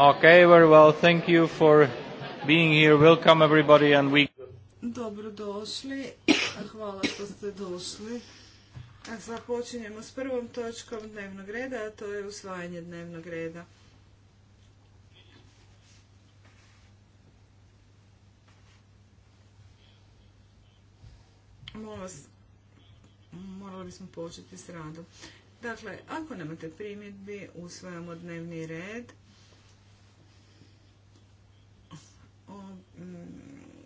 Okay, very well. Thank you for being here. Welcome everybody and we... Dobrodošli. Hvala što ste došli. Započinjemo s prvom točkom dnevnog reda, a to je usvajanje dnevnog reda. Molim morali bismo početi s radom. Dakle, ako nemate primjedbi, usvajamo dnevni red Mm,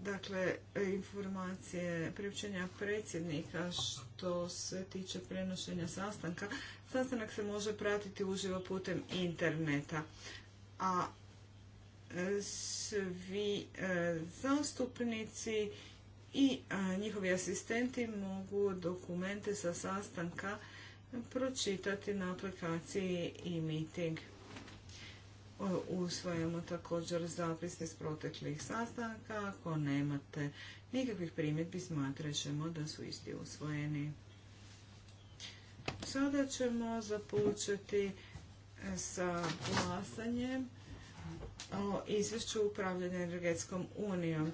dakle, informacije priopćenja predsjednika što se tiče prenošenja sastanka. Sastanak se može pratiti uživo putem interneta, a e, svi e, zastupnici i e, njihovi asistenti mogu dokumente sa sastanka pročitati na aplikaciji e-meeting usvajamo također zapisne s proteklih sastanka. Ako nemate nikakvih primjedbi, smatrat ćemo da su isti usvojeni. Sada ćemo započeti e, sa glasanjem o izvješću upravljanja energetskom unijom.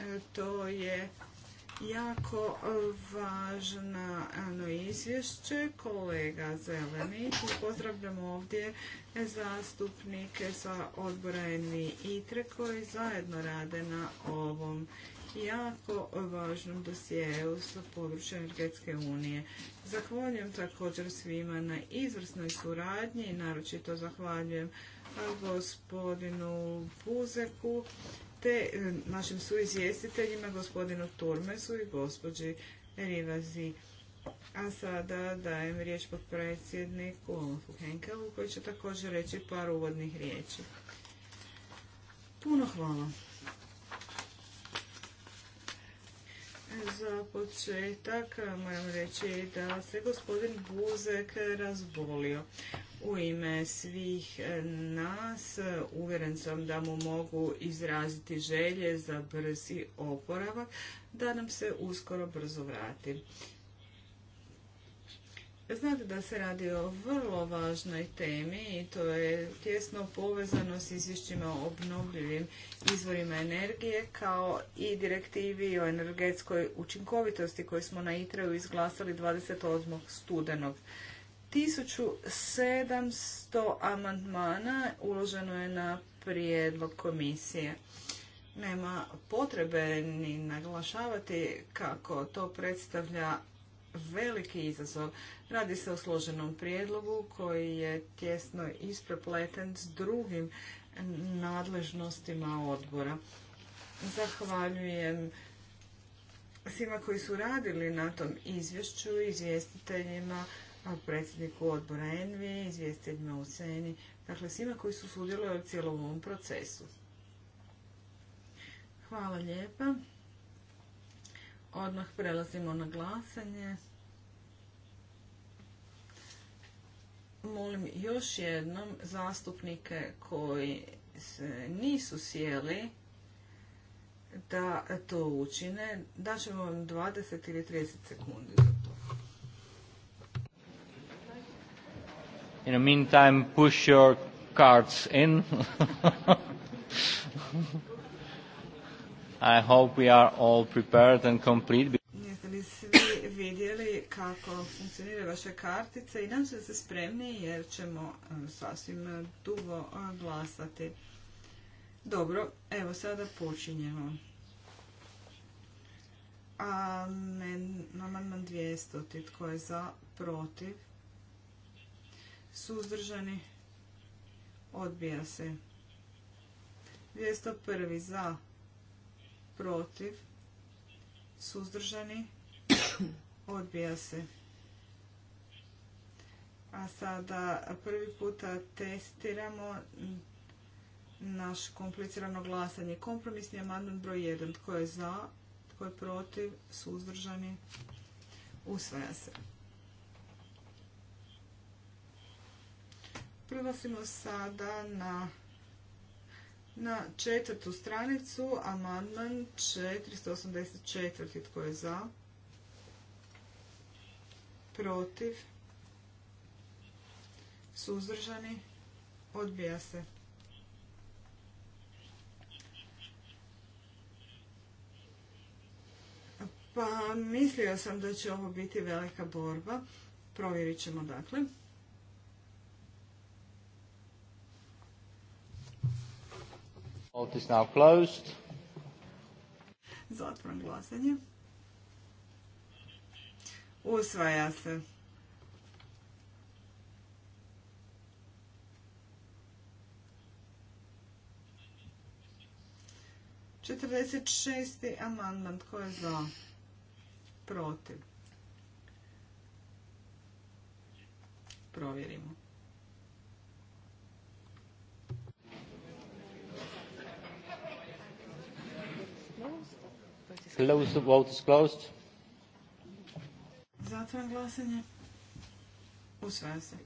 E, to je jako važna izvješće kolega Zeleni, pozdravljam ovdje zastupnike sa odbora Envi ITRE koji zajedno rade na ovom jako važnom dosjeu sa područja energetske unije. Zahvaljujem također svima na izvrsnoj suradnji i naročito zahvaljujem gospodinu Buzeku te e, našim suizvjestiteljima, gospodinu Turmesu i gospođi Rivazi. A sada dajem riječ pod predsjedniku Henkelu koji će također reći par uvodnih riječi. Puno hvala. Za početak moram reći da se gospodin Buzek razbolio u ime svih e, nas. E, uvjeren sam da mu mogu izraziti želje za brzi oporavak, da nam se uskoro brzo vrati. Znate da se radi o vrlo važnoj temi i to je tjesno povezano s izvješćima o obnovljivim izvorima energije kao i direktivi o energetskoj učinkovitosti koju smo na ITRE-u izglasali 28. studenog. 1700 amandmana uloženo je na prijedlog komisije. Nema potrebe ni naglašavati kako to predstavlja veliki izazov. Radi se o složenom prijedlogu koji je tjesno isprepleten s drugim nadležnostima odbora. Zahvaljujem svima koji su radili na tom izvješću, izvjestiteljima, predsjedniku odbora Envi, izvjestiteljima u Seni, dakle svima koji su sudjelovali u cijelom ovom procesu. Hvala lijepa. Odmah prelazimo na glasanje. Molim još jednom zastupnike koji se nisu sjeli da to učine. Daćemo vam 20 ili 30 sekundi In the meantime, push your cards in. I hope we are all prepared and complete. Jeste li svi vidjeli kako funkcionira vaše kartice i nam ste spremni jer ćemo e, sasvim dugo e, glasati. Dobro, evo sada počinjemo. Amandman 200. Tko je za? Protiv? suzdržani, odbija se. 201. za, protiv, suzdržani, odbija se. A sada prvi puta testiramo naš komplicirano glasanje. Kompromisni amandman broj 1. Tko je za, tko je protiv, suzdržani, usvaja se. Prelazimo sada na, na četvrtu stranicu, amandman 484. Tko je za? Protiv? Suzdržani? Odbija se. Pa mislio sam da će ovo biti velika borba. Provjerit ćemo dakle. Vote is now closed. glasanje. Usvaja se. Četrdeset šest amandman tko je za? Protiv. Provjerimo. Close, vote is closed. Zatvoram glasanje. Usvaja se.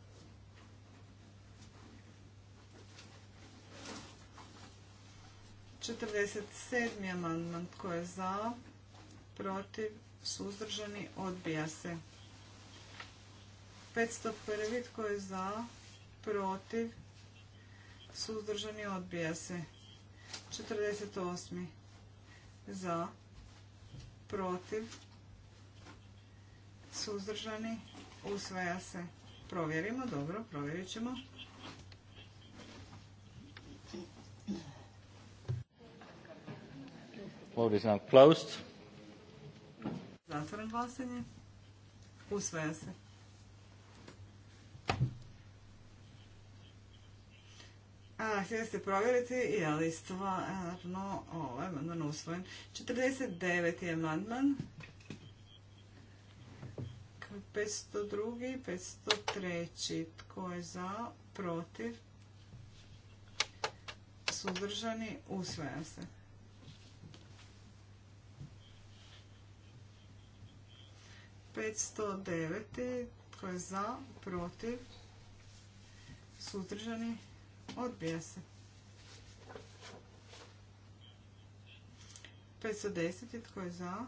Četrdeset sedmi amandman tko je za, protiv, suzdržani, odbija se. 501. Tko je za? Protiv? Suzdržani odbija se. 48. Za? protiv, suzdržani, usvaja se. Provjerimo, dobro, provjerit ćemo. Zatvoren glasanje. Usvaja se. A, htjeli ste provjeriti je li stvarno ovaj amandman usvojen. 49. amandman. 502. 503. Tko je za? Protiv? Suzdržani? usvojen se. 509. Tko je za? Protiv? Suzdržani? od se. 510 je tko je za?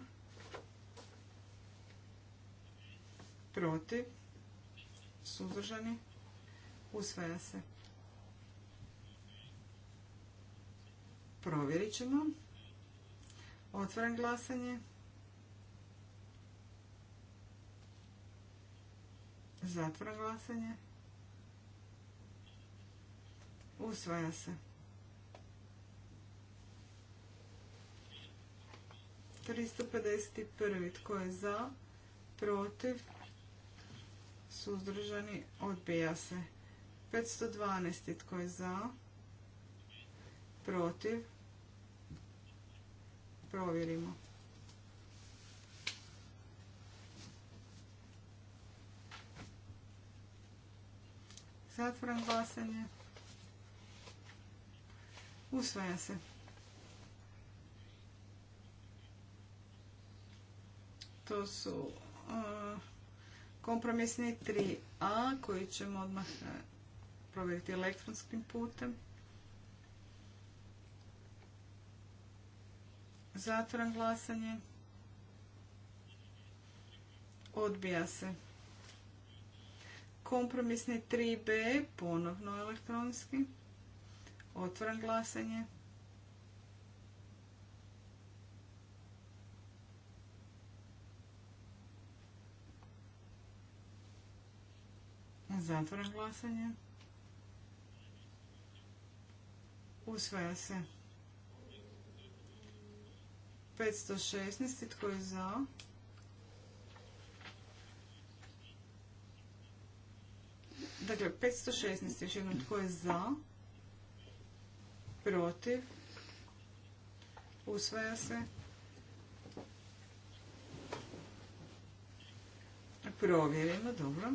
Protiv? Suzdržani? Usvaja se. Provjerit ćemo. Otvaram glasanje. zatvoren glasanje. Usvaja se. 351. Tko je za? Protiv? Suzdržani? Odbija se. 512. Tko je za? Protiv? Provjerimo. Zatvoram glasanje. Usvaja se. To su kompromisni 3a koji ćemo odmah provjeriti elektronskim putem. Zatvoram glasanje. Odbija se. Kompromisni 3b ponovno elektronski. Otvoren glasanje. Zatvoren glasanje. Usvaja se. 516. Tko je za? Dakle, 516. Još jednom tko je za? protiv, usvaja se, provjerimo, dobro.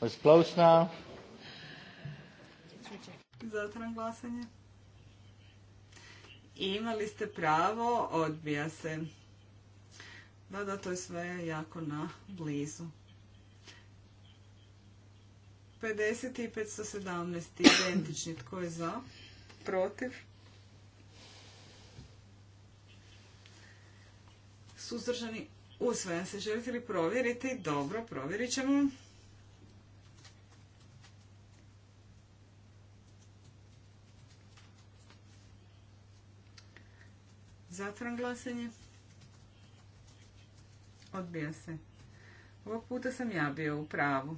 Was close now. Zatran glasanje. Imali ste pravo, odbija se. Da, da, to je sve jako na blizu. 50. i 517. identični. Tko je za? Protiv? Suzdržani? Usvajan se. Želite li provjeriti? Dobro, provjerit ćemo. Zatvoram glasanje. Odbija se. Ovog puta sam ja bio u pravu.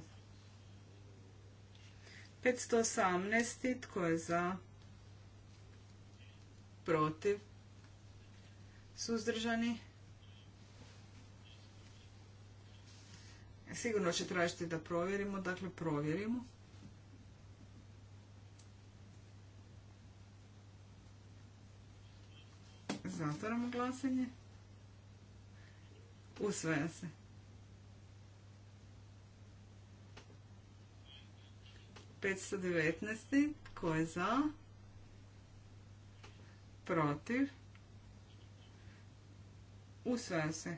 518. Tko je za? Protiv? Suzdržani? Sigurno će tražiti da provjerimo. Dakle, provjerimo. Zatvaramo glasanje. Usvaja se. 519. Tko je za? Protiv? Usvaja se.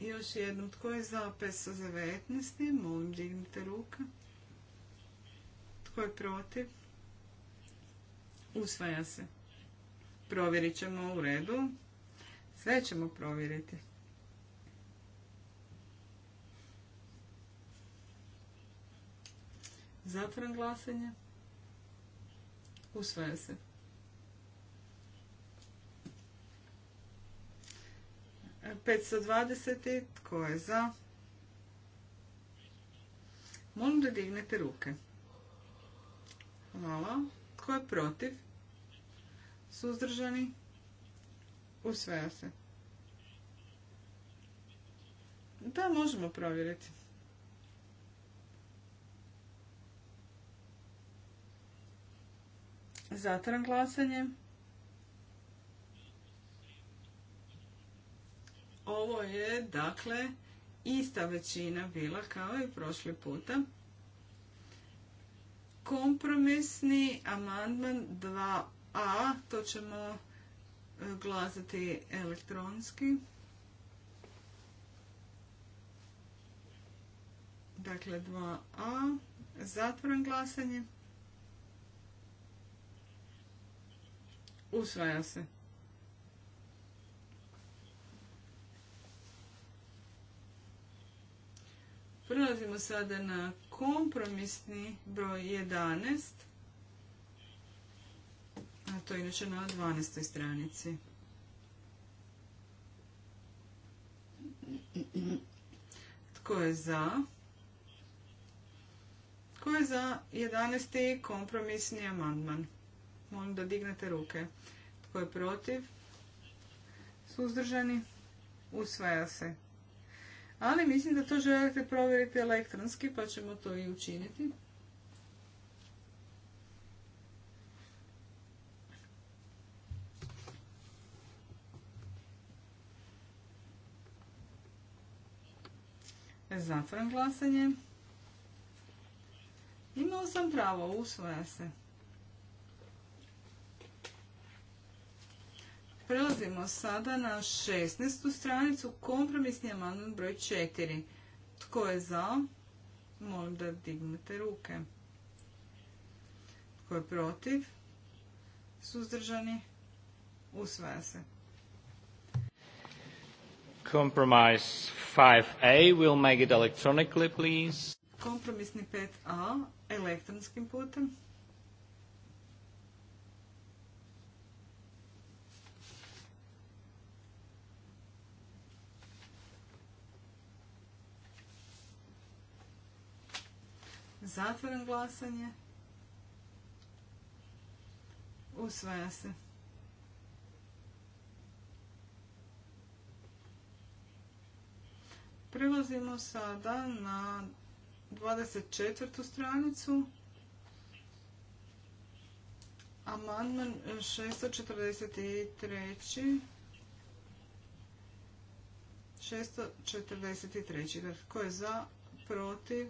Još jednom, tko je za 519? Molim, dignite ruka. Tko je protiv? Usvaja se. Provjerit ćemo u redu. Sve ćemo provjeriti. Zatvoren glasanje. Usvaja se. Petsto dvadeset tko je za? Molim da dignete ruke. Hvala. Tko je protiv? Suzdržani? Usvaja se. Da, možemo provjeriti. Zatran glasanje. Ovo je, dakle, ista većina bila kao i prošli puta. Kompromisni amandman 2a, to ćemo glasati elektronski. Dakle, 2a. Zatvoren glasanje. Usvaja se. Prelazimo sada na kompromisni broj 11. To je inače na 12. stranici. Tko je za? Tko je za 11. kompromisni amandman? Molim da dignete ruke. Tko je protiv? Suzdržani? Usvaja se. Ali mislim da to želite provjeriti elektronski, pa ćemo to i učiniti. Zatvoram glasanje. Imao sam pravo, usvoja se. Prelazimo sada na 16. stranicu, kompromisni amandman broj 4. Tko je za? Molim da dignete ruke. Tko je protiv? Suzdržani? Usvaja se. Compromise 5A, we'll make it electronically, please. Kompromisni 5A, elektronskim putem. Zatvoren glasanje. Usvaja se. Prelazimo sada na 24. stranicu. Amandman 643. 643. Dakle, tko je za, protiv,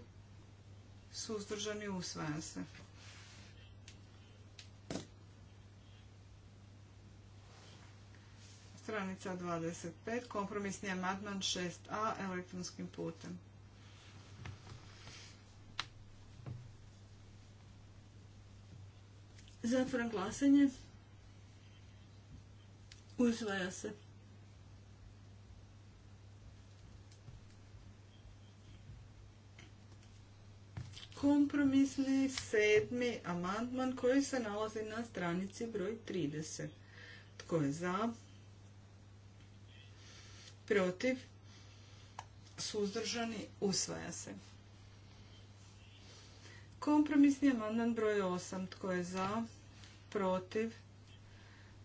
suzdržani, usvaja se. stranica 25, kompromisni amandman 6a elektronskim putem. Zatvoram glasanje. Uzvaja se. Kompromisni sedmi amandman koji se nalazi na stranici broj 30. Tko je za? protiv, suzdržani, usvaja se. Kompromisni amandman broj 8. Tko je za? Protiv?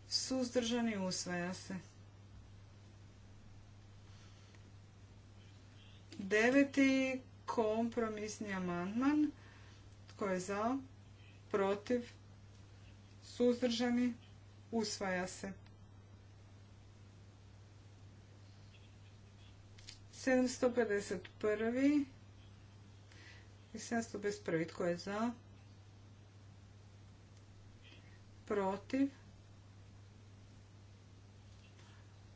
Suzdržani usvaja se. Deveti kompromisni amandman. Tko je za? Protiv? Suzdržani usvaja se. 751. I 751. Tko je za? Protiv?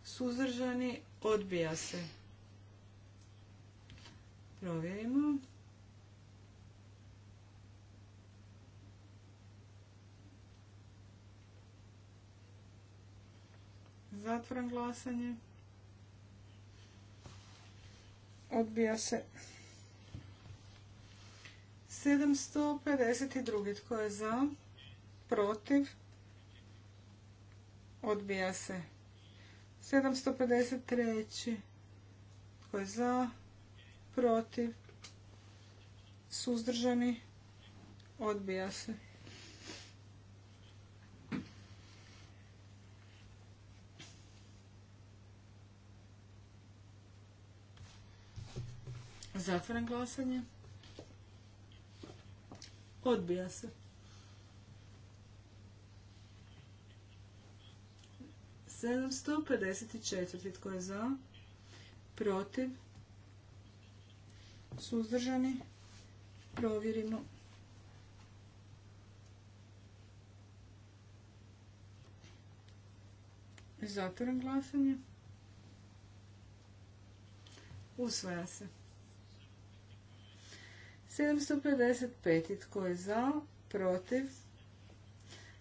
Suzdržani? Odbija se. Provjerimo. Zatvoram glasanje. Odbija se. 752. Tko je za? Protiv? Odbija se. 753. Tko je za? Protiv? Suzdržani? Odbija se. Zatvaram glasanje. Odbija se. 754. Tko je za? Protiv? Suzdržani? Provjerimo. Zatvoram glasanje. Usvaja se. 755. Tko je za? Protiv?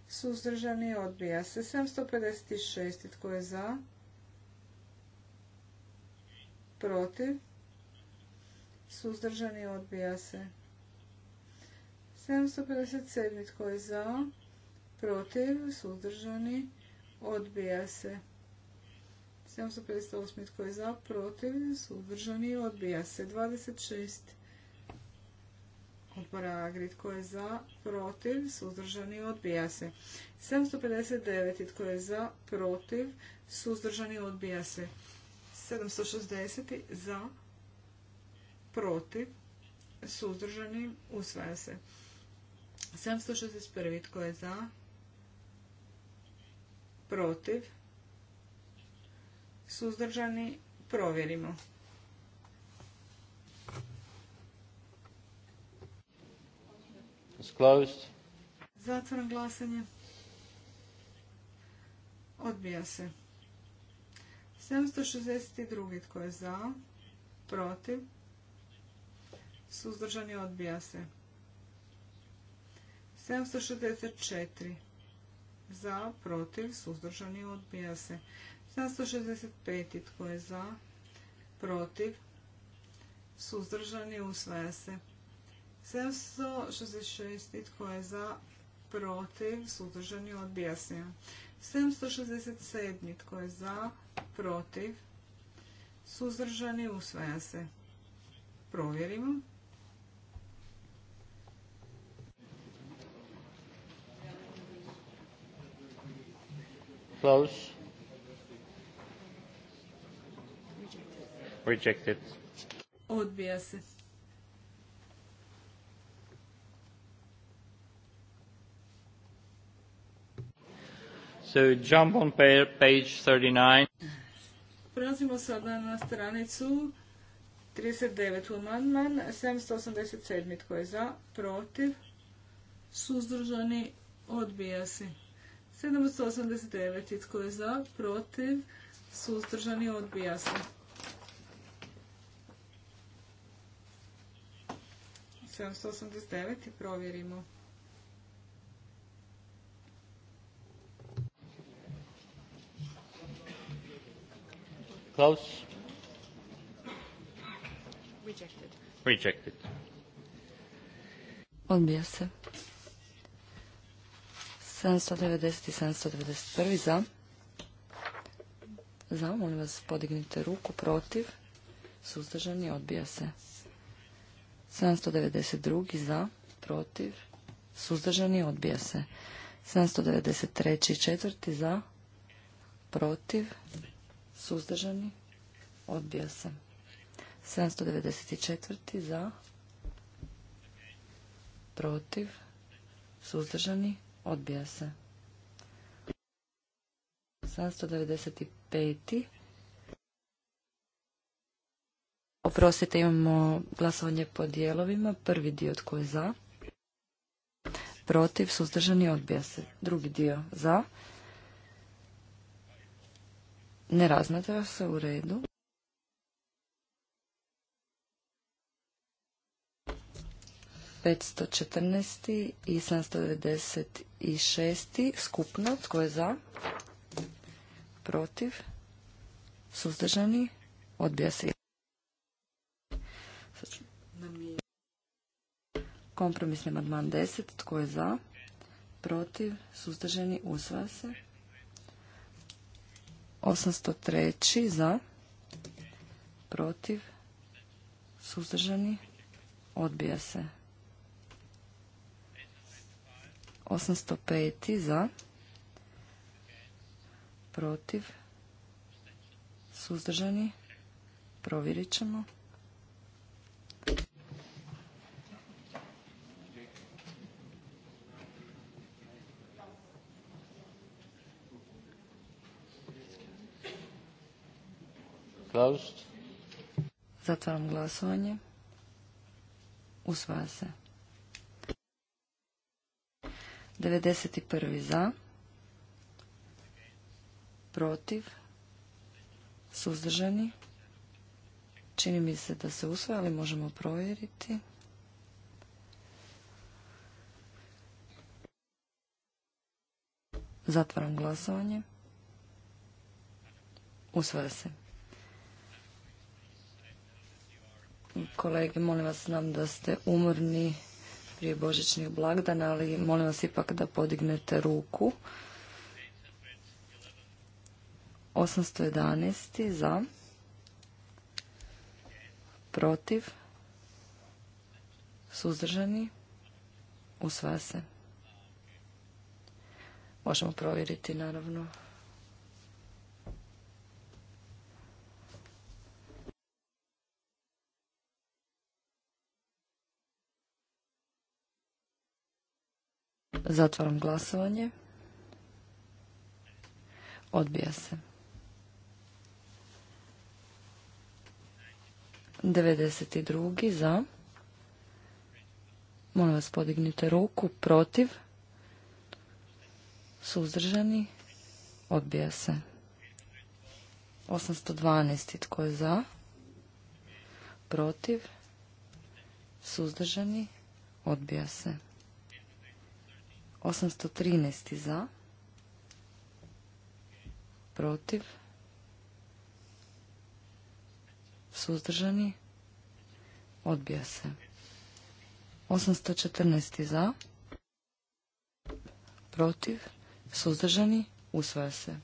Suzdržani odbija se. 756. Tko je za? Protiv? Suzdržani odbija se. 757. Tko je za? Protiv? Suzdržani odbija se. 758. Tko je za? Protiv? Suzdržani odbija se. 26 odbora Agri. Tko je za? Protiv? Suzdržani? Odbija se. 759. Tko je za? Protiv? Suzdržani? Odbija se. 760. Za? Protiv? Suzdržani? Usvaja se. 761. Tko je za? Protiv? Suzdržani? Provjerimo. is closed. glasanje. Odbija se. 762. Tko je za? Protiv? Suzdržani odbija se. 764. Za, protiv, suzdržani odbija se. 765. Tko je za? Protiv? Suzdržani usvaja se. 766. Tko je za? Protiv. Suzdržani. Odbija se. 767. Tko je za? Protiv. Suzdržani. Usvaja se. Provjerimo. Close. Rejected. Odbija se. to jump on pa-, page 39. Prelazimo sada na stranicu 39. amandman 787. Tko je za? Protiv? Suzdržani? Odbija se. 789. Tko je za? Protiv? Suzdržani? Odbija se. 789. Provjerimo. Close. Rejected. Rejected. Odbija se. 790 i 791 za. Za, molim vas, podignite ruku protiv. Suzdržani, odbija se. 792 za, protiv. Suzdržani, odbija se. 793 i 4 za, protiv suzdržani, odbija se. 794. za, protiv, suzdržani, odbija se. 795. Oprostite, imamo glasovanje po dijelovima. Prvi dio tko je za, protiv, suzdržani, odbija se. Drugi dio za, ne razmatra se u redu. petsto i sedamsto devedeset šest skupno tko je za protiv suzdržani odbija se kompromisni amandman deset, tko je za protiv suzdržani usvaja se 803. za, protiv, suzdržani, odbija se. 805. za, protiv, suzdržani, provjerit ćemo. Zatvaram glasovanje. Usvaja se. 91. za. Protiv. Suzdržani. Čini mi se da se usvaja, ali možemo provjeriti. Zatvaram glasovanje. Usvaja se. kolege, molim vas, znam da ste umorni prije božičnih blagdana, ali molim vas ipak da podignete ruku. 811. za. Protiv. Suzdržani. Usva se. Možemo provjeriti, naravno. Zatvaram glasovanje. Odbija se. 92. za. Molim vas podignite ruku. Protiv. Suzdržani. Odbija se. 812. Tko je za? Protiv. Suzdržani. Odbija se. 813. za. Protiv. Suzdržani. Odbija se. 814. za. Protiv. Suzdržani. Usvaja se.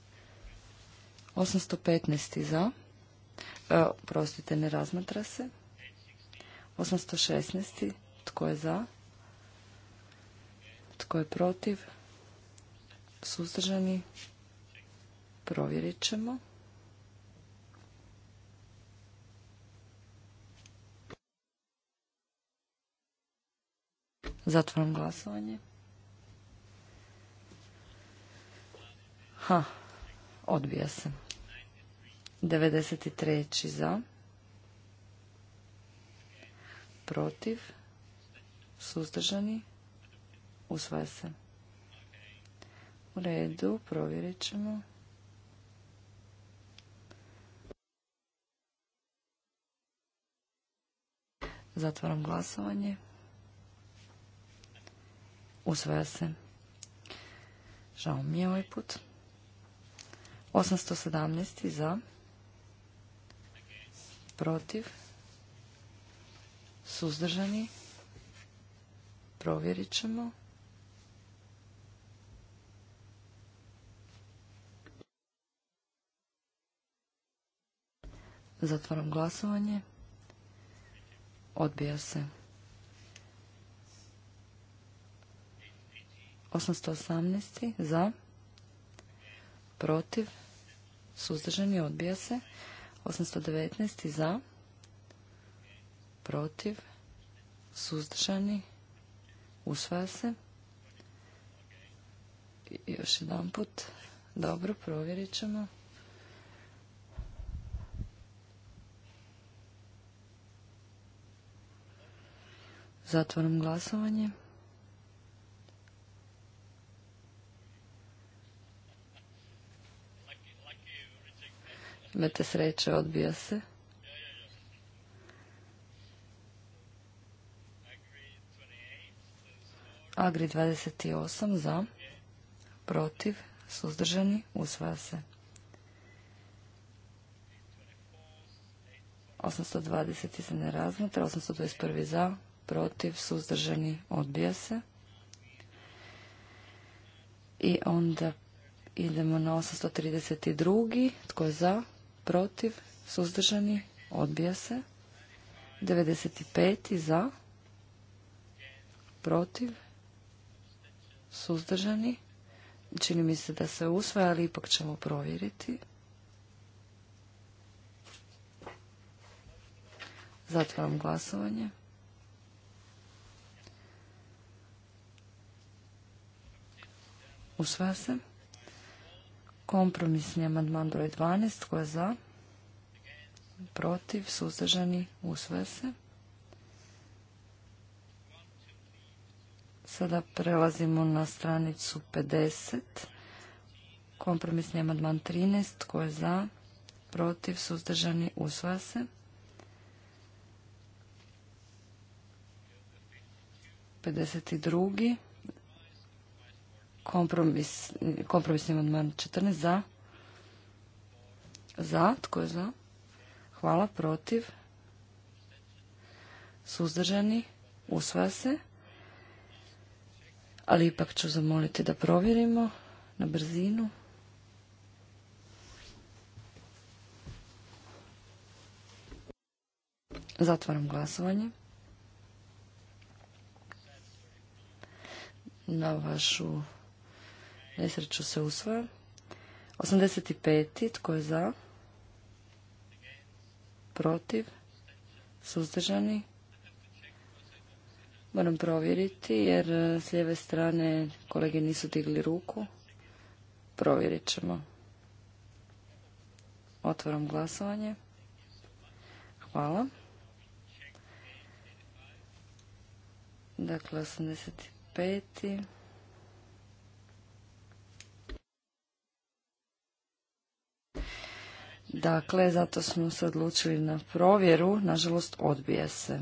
815. za. E, prostite, ne razmatra se. 816. Tko je za? Tko je protiv? Suzdržani? Provjerit ćemo. Zatvoram glasovanje. Ha, odbija se. 93. za. Protiv. Suzdržani. Usvaja se. U redu, provjerit ćemo. Zatvaram glasovanje. Usvaja se. Žao mi je ovaj put. 817 za. Protiv. Suzdržani. Provjerit ćemo. Zatvaram glasovanje. Odbija se. 818. Za. Protiv. Suzdržani. Odbija se. 819. Za. Protiv. Suzdržani. Usvaja se. I još jedan put. Dobro, provjerit ćemo. zatvorom glasovanje. Imate sreće, odbija se. Agri 28 za, protiv, suzdržani, usvaja se. 820 se ne razmatra, 821 za, protiv, suzdržani, odbija se. I onda idemo na 832. Tko je za, protiv, suzdržani, odbija se. 95. za, protiv, suzdržani. Čini mi se da se usvaja, ali ipak ćemo provjeriti. Zatvaram glasovanje. Usvaja se. Kompromisni amandman broj 12. Tko je za? Protiv? Suzdržani? Usvaja se. Sada prelazimo na stranicu 50. Kompromisni amandman 13. Tko je za? Protiv? Suzdržani? Usvaja se. 52. Kompromis, kompromisni amandman 14 za. Za, tko je za? Hvala, protiv. Suzdržani, usvaja se. Ali ipak ću zamoliti da provjerimo na brzinu. Zatvaram glasovanje. Na vašu Nesreću se usvoja. 85. Tko je za? Protiv? Suzdržani? Moram provjeriti jer s lijeve strane kolege nisu digli ruku. Provjerit ćemo. Otvaram glasovanje. Hvala. Dakle, 85. Dakle, zato smo se odlučili na provjeru, nažalost odbija se.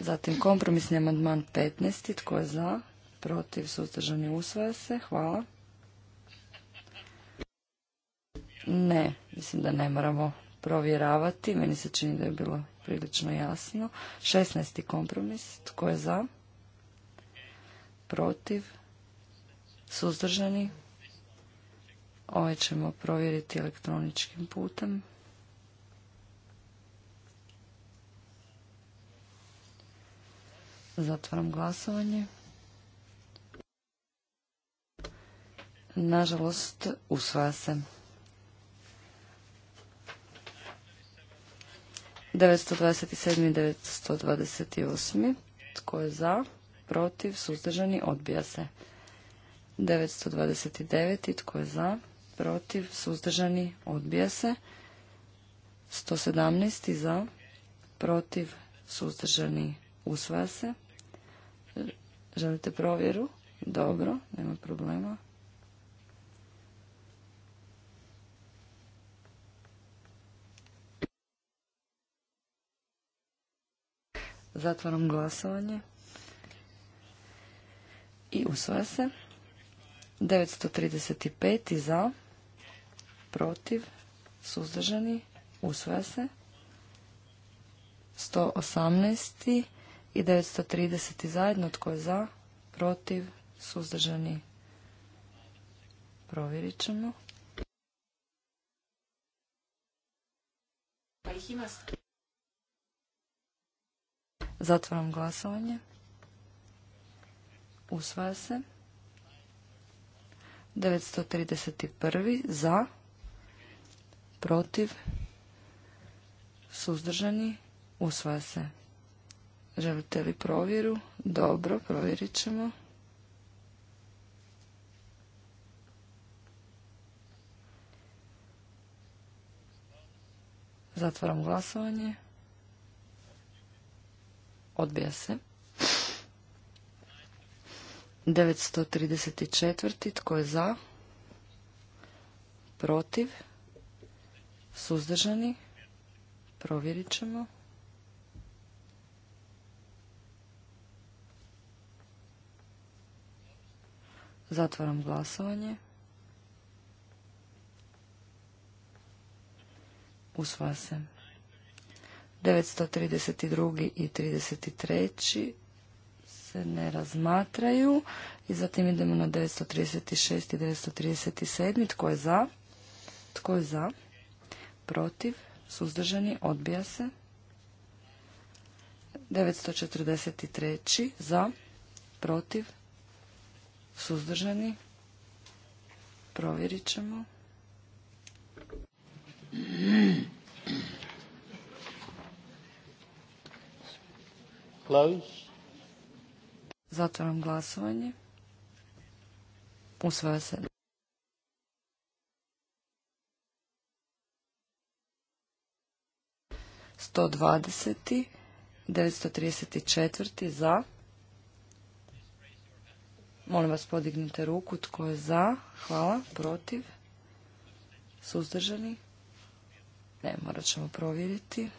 Zatim kompromisni amandman 15. Tko je za? Protiv suzdržani usvaja se. Hvala. Ne, mislim da ne moramo provjeravati. Meni se čini da je bilo prilično jasno. 16. kompromis. Tko je za? Protiv? Suzdržani? Ove ovaj ćemo provjeriti elektroničkim putem. Zatvaram glasovanje. Nažalost, usvaja se. 927. i 928. Tko je za? Protiv? Suzdržani? Odbija se. 929. Tko je za? protiv, suzdržani, odbija se. 117. za, protiv, suzdržani, usvaja se. Želite provjeru? Dobro, nema problema. Zatvaram glasovanje. I usvaja se. 935. za, protiv, suzdržani, usvaja se. 118. i 930. zajedno, tko je za, protiv, suzdržani, provjerit ćemo. Pa Zatvaram glasovanje. Usvaja se. 931. za, protiv, suzdržani, usvaja se. Želite li provjeru? Dobro, provjerit ćemo. Zatvaram glasovanje. Odbija se. 934. Tko je za? Protiv? Suzdržani? Provjerit ćemo. Zatvaram glasovanje. Usva se. 932. i 33. se ne razmatraju. I zatim idemo na 936. i 937. Tko je za? Tko je za? protiv, suzdržani, odbija se. 943. za, protiv, suzdržani, provjerit ćemo. Zatvaram glasovanje. Usvaja se. 120. 934. za. Molim vas podignite ruku. Tko je za? Hvala. Protiv? Suzdržani? Ne, morat ćemo provjeriti.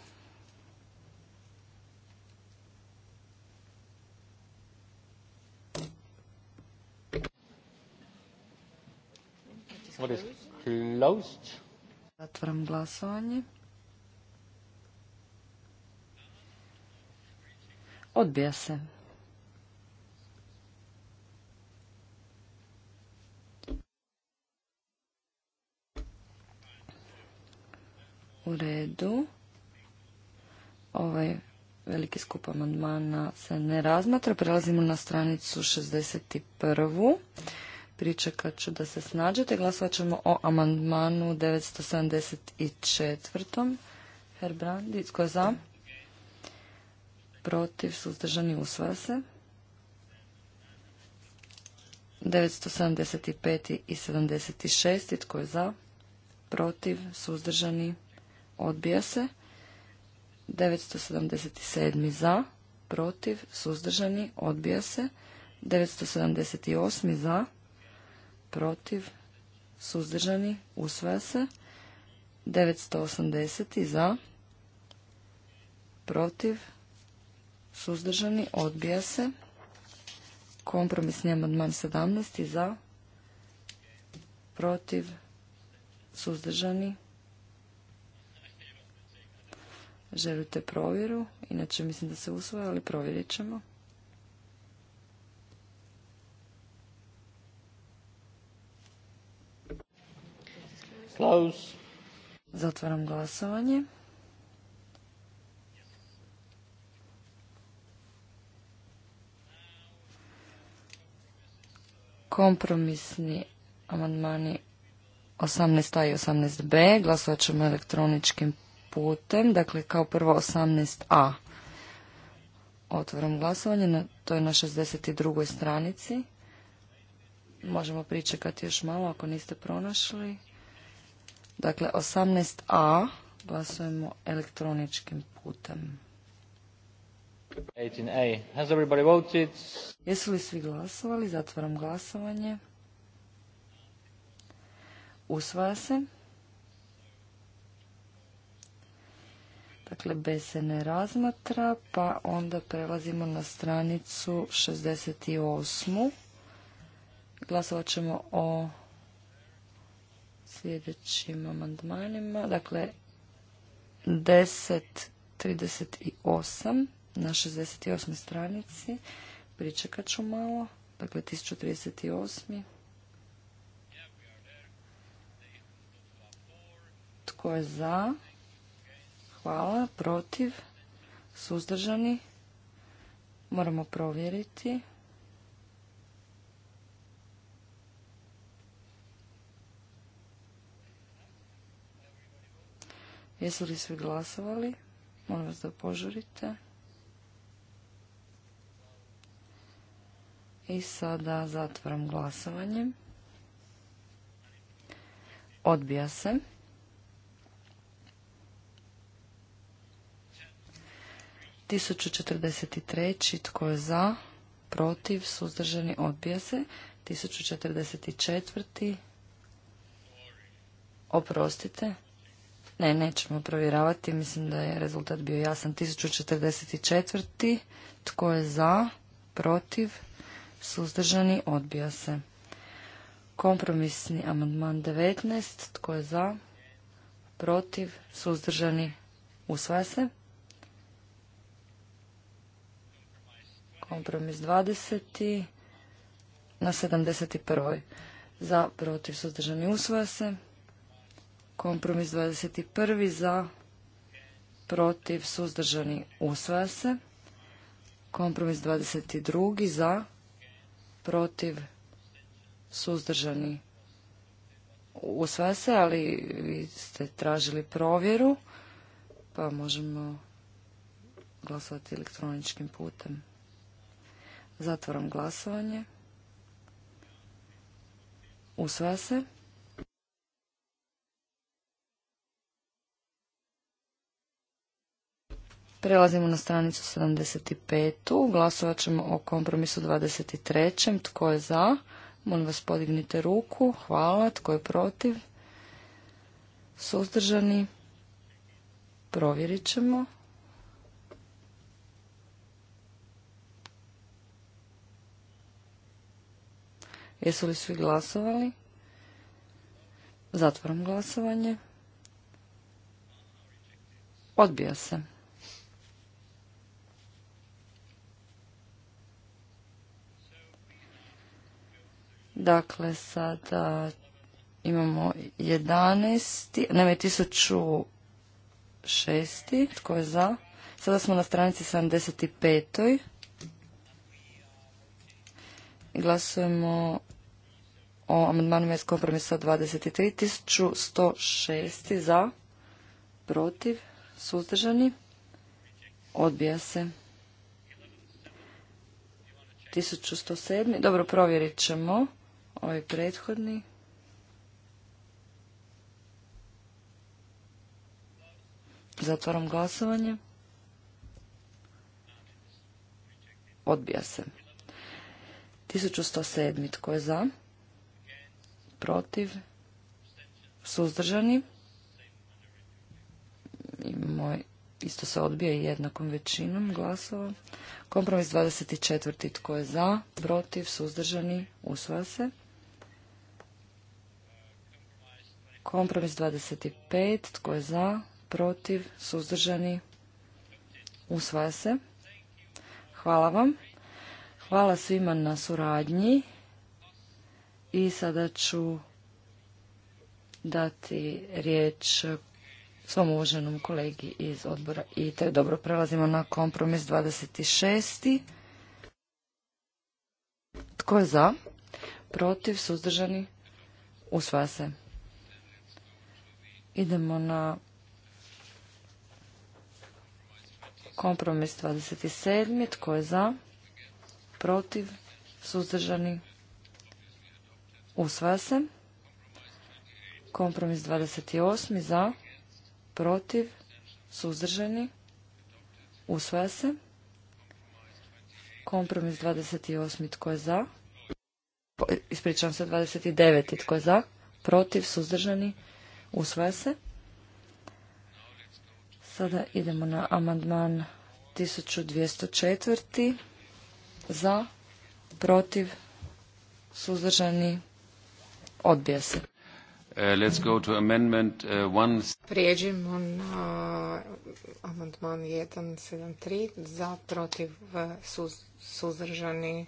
otvaram glasovanje. Odbija se. U redu. Ovaj veliki skup amandmana se ne razmatra. Prelazimo na stranicu 61. Pričekat ću da se snađete. Glasovat ćemo o amandmanu 974. Herbrandi, tko je za? protiv, suzdržani, usvaja se. 975. i 76. Tko je za? Protiv, suzdržani, odbija se. 977. za, protiv, suzdržani, odbija se. 978. za, protiv, suzdržani, usvaja se. 980. za, protiv, suzdržani, odbija se. Kompromisni amandman 17 za, protiv, suzdržani. Želite provjeru, inače mislim da se usvoja, ali provjerit ćemo. Zatvaram glasovanje. Kompromisni amandmani 18a i 18b glasovat ćemo elektroničkim putem, dakle kao prvo 18a. Otvaram glasovanje, to je na 62. stranici. Možemo pričekati još malo ako niste pronašli. Dakle, 18a glasujemo elektroničkim putem. Jesu li svi glasovali? Zatvaram glasovanje. Usvaja se. Dakle, B se ne razmatra, pa onda prelazimo na stranicu 68. Glasovat ćemo o sljedećim amandmanima. Dakle, 10, 38 na 68. stranici. Pričekat ću malo. Dakle, 1038. Tko je za? Hvala. Protiv? Suzdržani? Moramo provjeriti. Jesu li svi glasovali? Molim vas da požurite. I sada zatvaram glasovanje. Odbija se. Tisuću tko je za, protiv, suzdržani, odbija se. Tisuću oprostite. Ne, nećemo provjeravati, mislim da je rezultat bio jasan. 1044. Tko je za? Protiv? suzdržani, odbija se. Kompromisni amandman 19, tko je za, protiv, suzdržani, usvaja se. Kompromis 20 na 71. Za, protiv, suzdržani, usvaja se. Kompromis 21. za, protiv, suzdržani, usvaja se. Kompromis 22. za, protiv, suzdržani. sva se, ali vi ste tražili provjeru, pa možemo glasovati elektroničkim putem. Zatvoram glasovanje. Usvaja se. Prelazimo na stranicu 75. Glasovat ćemo o kompromisu 23. Tko je za? Molim vas podignite ruku. Hvala. Tko je protiv? Suzdržani? Provjerit ćemo. Jesu li svi glasovali? Zatvaram glasovanje. Odbija se. Dakle, sada imamo 11. Naime, 1006. Tko je za? Sada smo na stranici 75. glasujemo o amandmanima iz kompromisa 23. 1106. Za? Protiv? Suzdržani? Odbija se. 1107. Dobro, provjerit ćemo ovaj prethodni. Zatvaram glasovanje. Odbija se. 1107. Tko je za? Protiv? Suzdržani? I moj isto se odbija jednakom većinom glasova. Kompromis 24. Tko je za? Protiv? Suzdržani? Usvaja se. Kompromis 25. Tko je za? Protiv? Suzdržani? Usvaja se. Hvala vam. Hvala svima na suradnji. I sada ću dati riječ svom uvaženom kolegi iz odbora i te dobro prelazimo na kompromis 26. Tko je za? Protiv? Suzdržani? Usvaja se. Idemo na kompromis 27. Tko je za? Protiv? Suzdržani? Usvaja se. Kompromis 28. Za? Protiv? Suzdržani? Usvaja se. Kompromis 28. Tko je za? Ispričavam se 29. Tko je za? Protiv? Suzdržani? Usvaja se. Sada idemo na amandman 1204. Za, protiv, suzdržani, odbija se. Uh, let's go to amendment uh, one. Prijeđimo na uh, amandman 173 za protiv suzdržani.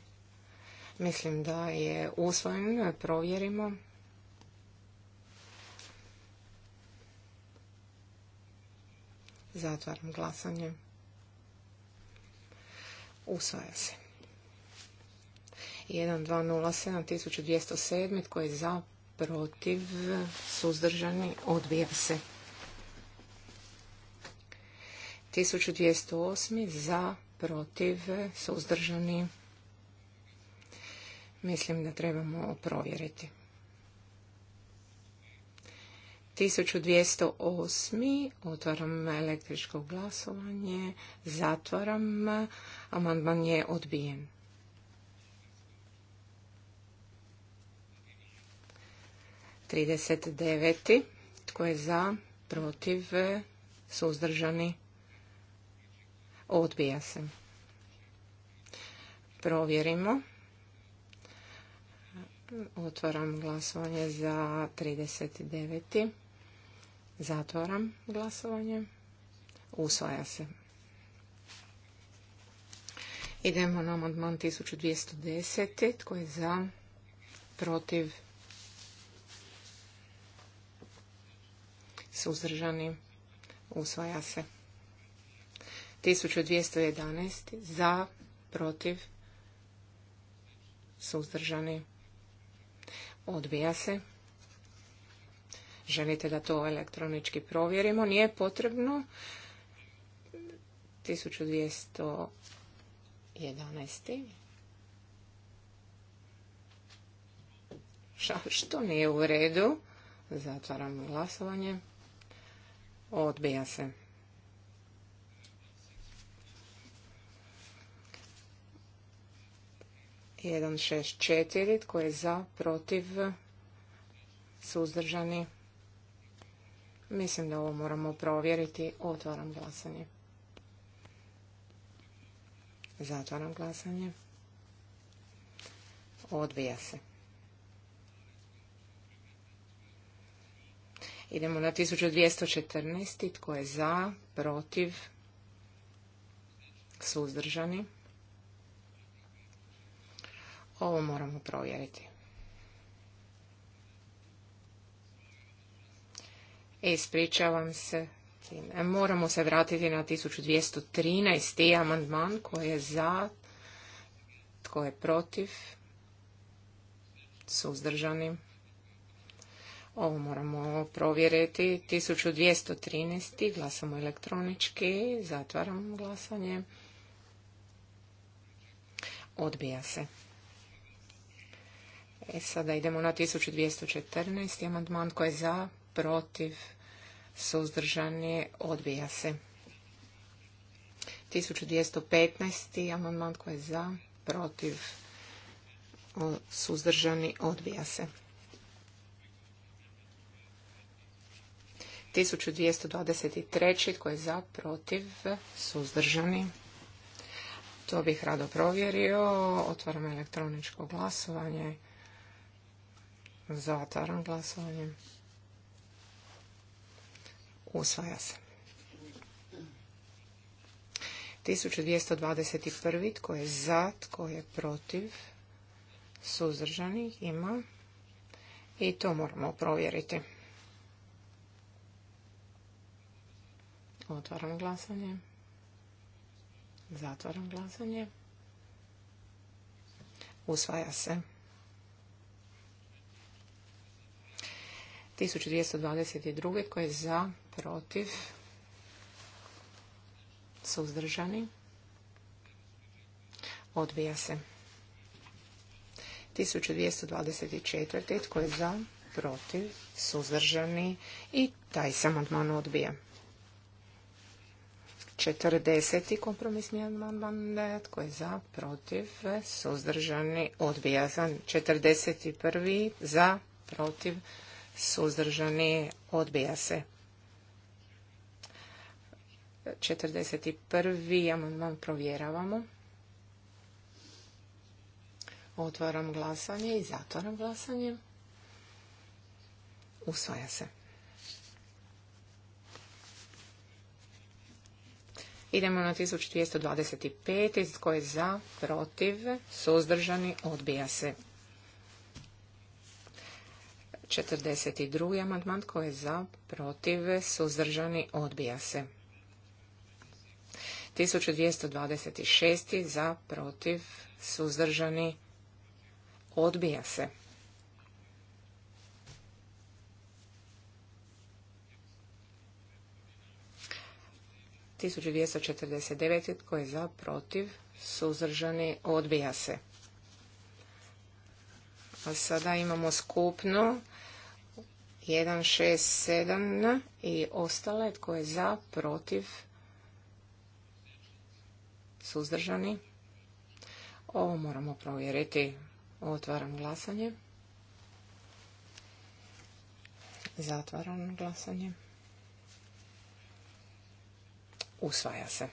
Mislim da je usvojen. Provjerimo. Zatvaram glasanje. Usvaja se. 1207.1207. Tko je za, protiv, suzdržani, odbija se. 1208. Za, protiv, suzdržani. Mislim da trebamo provjeriti. 1208. Otvaram električko glasovanje. Zatvaram. Amandman je odbijen. Trideset devet. Tko je za? Protiv? Suzdržani? Odbija se. Provjerimo. Otvaram glasovanje za 39. Zatvaram glasovanje. Usvaja se. Idemo na amandman 1210. Tko je za? Protiv? Suzdržani? Usvaja se. 1211. Za? Protiv? Suzdržani? Odbija se želite da to elektronički provjerimo. Nije potrebno. 1211. Što nije u redu? Zatvaram glasovanje. Odbija se. Jedan šest četiri, tko je za, protiv, suzdržani, Mislim da ovo moramo provjeriti. Otvaram glasanje. Zatvaram glasanje. Odbija se. Idemo na 1214. Tko je za, protiv, suzdržani? Ovo moramo provjeriti. Ispričavam se. Moramo se vratiti na 1213. amandman koji je za, tko je protiv, suzdržani. Ovo moramo provjeriti. 1213. Glasamo elektronički. Zatvaram glasanje. Odbija se. E sada idemo na 1214. Amandman koji je za, protiv, suzdržani, odbija se. 1215. amandman koji je za, protiv, suzdržani, odbija se. 1223. tko je za, protiv, suzdržani. To bih rado provjerio. Otvaram elektroničko glasovanje. Zatvaram glasovanje. Usvaja se. 1221. Tko je za, tko je protiv, suzdržanih ima. I to moramo provjeriti. Otvaram glasanje. Zatvaram glasanje. Usvaja se. 1222. Tko je za, protiv, suzdržani, odbija se. 1224. Tko je za, protiv, suzdržani i taj sam amandman odbija. 40. kompromisni amandman tko je za, protiv, suzdržani, odbija četrdeset 41. za, protiv, suzdržani, odbija se. 41. amandman provjeravamo. Otvaram glasanje i zatvaram glasanje. Usvaja se. Idemo na 1225. Tko je za, protiv, suzdržani, odbija se. 42. amandman. Tko je za, protiv, suzdržani, odbija se. 1226. za, protiv, suzdržani, odbija se. tisuća dvjesto četrdeset devet tko je za protiv suzdržani odbija se a sada imamo skupno 1, 6, 7 i ostale tko je za, protiv, suzdržani. Ovo moramo provjeriti. Otvaram glasanje. Zatvaram glasanje. Usvaja se.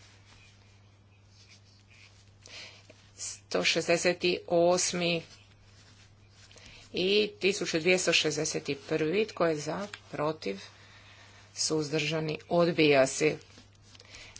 168. i 1261. Tko je za? Protiv? Suzdržani? Odbija se.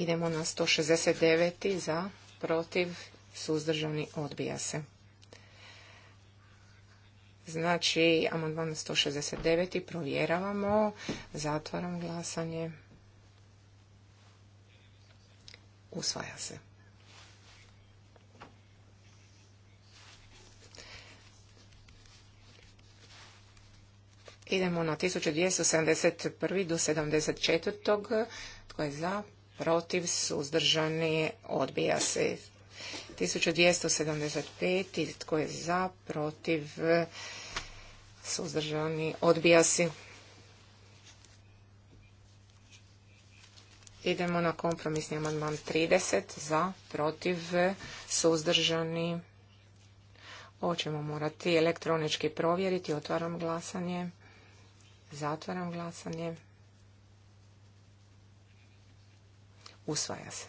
Idemo na 169. za, protiv, suzdržani, odbija se. Znači, amandman 169. provjeravamo, zatvaram glasanje. Usvaja se. Idemo na 1271. do 74. Tko je za, protiv, suzdržani, odbija se. 1275, tko je za, protiv, suzdržani, odbija se. Idemo na kompromisni amandman 30, za, protiv, suzdržani. Ovo ćemo morati elektronički provjeriti. Otvaram glasanje. Zatvaram glasanje. Usvaja se.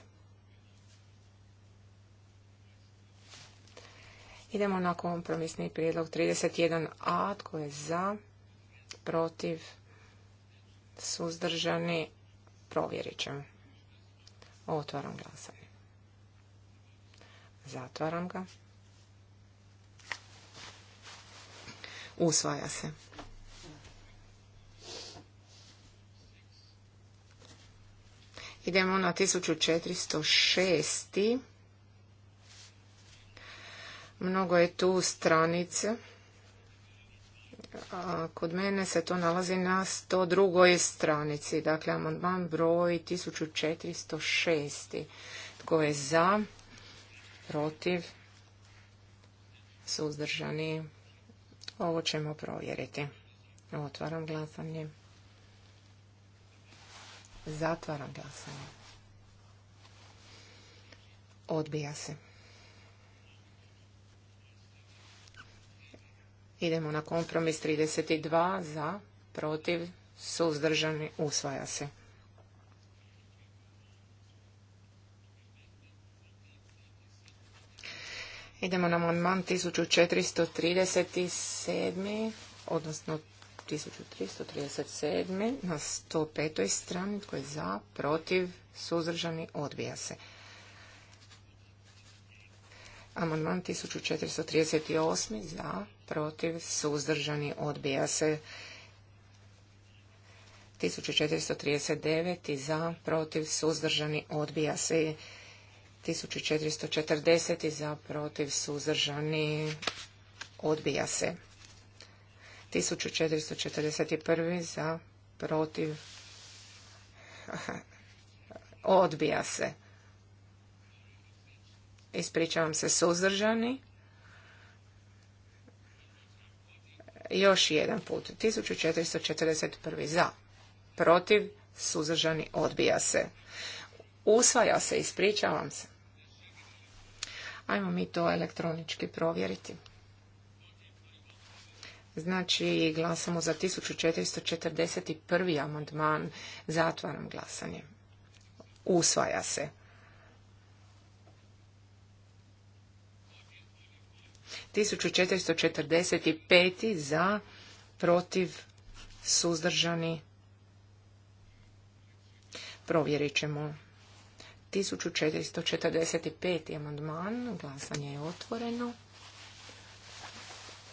Idemo na kompromisni prijedlog 31a. Tko je za? Protiv? Suzdržani? Provjerit ćemo. Otvaram glasanje. Zatvaram ga. Usvaja se. Idemo na 1406. Mnogo je tu stranice. kod mene se to nalazi na 102. stranici. Dakle, amandman broj 1406. Tko je za? Protiv? Suzdržani? Ovo ćemo provjeriti. Otvaram glasanje. Zatvaram glasanje. Odbija se. Idemo na kompromis 32 za, protiv, suzdržani, usvaja se. Idemo na amandman 1437. odnosno 1337. na 105. strani tko je za, protiv, suzdržani, odbija se. Amandman 1438. za, protiv, suzdržani, odbija se. 1439. za, protiv, suzdržani, odbija se. 1440. za, protiv, suzdržani, odbija se. 1441 za protiv odbija se. Ispričavam se suzdržani. Još jedan put. 1441 za protiv suzdržani odbija se. Usvaja se, ispričavam se. Ajmo mi to elektronički provjeriti. Znači, glasamo za 1441. amandman. Zatvaram glasanje. Usvaja se. Tisuću četiristo za protiv suzdržani provjerit ćemo 1445. amandman glasanje je otvoreno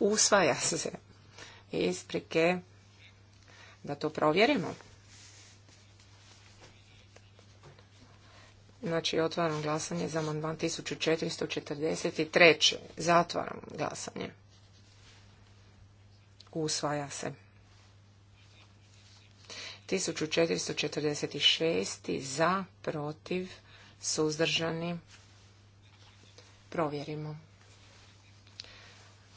usvaja se. Isprike da to provjerimo. Znači, otvaram glasanje za amandman 1443. Zatvaram glasanje. Usvaja se. 1446. Za, protiv, suzdržani. Provjerimo.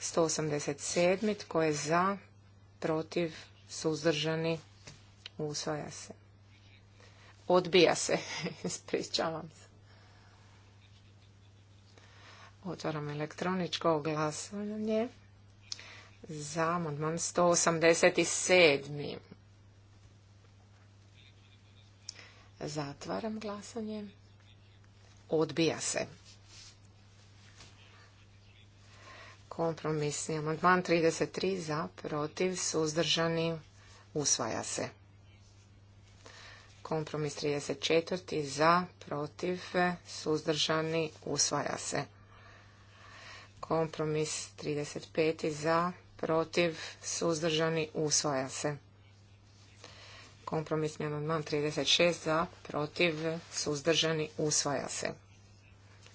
187. Tko je za? Protiv? Suzdržani? Usvaja se. Odbija se. Ispričavam se. Otvaram elektroničko glasovanje za amandman 187. Zatvaram glasanje. Odbija se. Kompromisni amandman 33 za, protiv, suzdržani, usvaja se. Kompromis 34 za, protiv, suzdržani, usvaja se. Kompromis 35 za, protiv, suzdržani, usvaja se. Kompromisni amandman 36 za, protiv, suzdržani, usvaja se.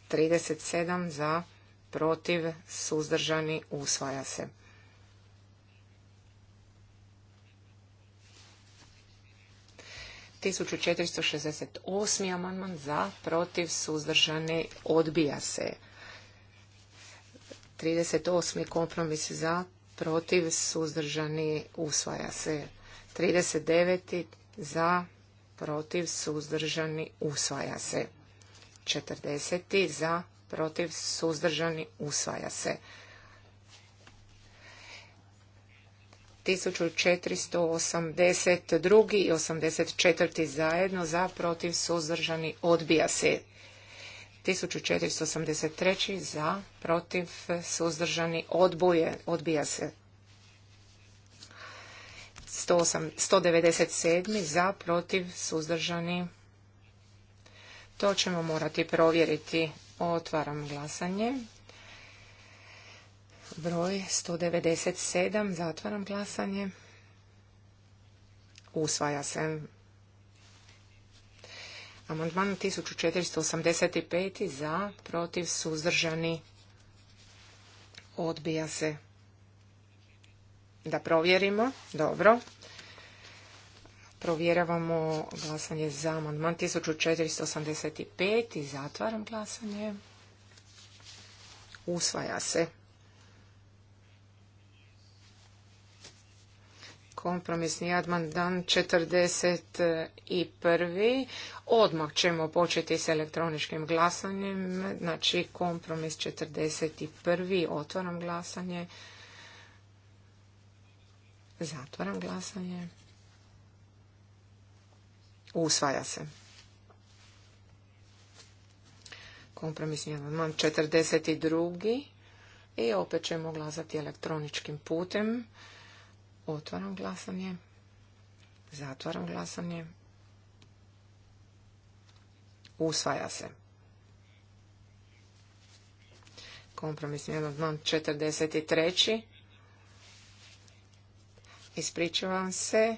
37 za, protiv, suzdržani, usvaja se. Tisuću četiristo amandman za protiv suzdržani odbija se 38. kompromis za, protiv, suzdržani, usvaja se. 39. za, protiv, suzdržani, usvaja se. 40. za, protiv, suzdržani, usvaja se. 1482 i 84 zajedno za protiv suzdržani odbija se. 1483 za protiv suzdržani odbuje, odbija se. 197 za protiv suzdržani to ćemo morati provjeriti. Otvaram glasanje. Broj 197. Zatvaram glasanje. Usvaja se. Amandman 1485. Za, protiv, suzdržani. Odbija se. Da provjerimo. Dobro. Provjeravamo glasanje za amandman 1485 i zatvaram glasanje. Usvaja se. kompromisni amandman 41. Odmah ćemo početi s elektroničkim glasanjem, znači kompromis 41. Otvaram glasanje, zatvaram glasanje, Usvaja se. Kompromisni amandman 42. I opet ćemo glasati elektroničkim putem. Otvaram glasanje. Zatvaram glasanje. Usvaja se. Kompromisni amandman 43. Ispričavam se.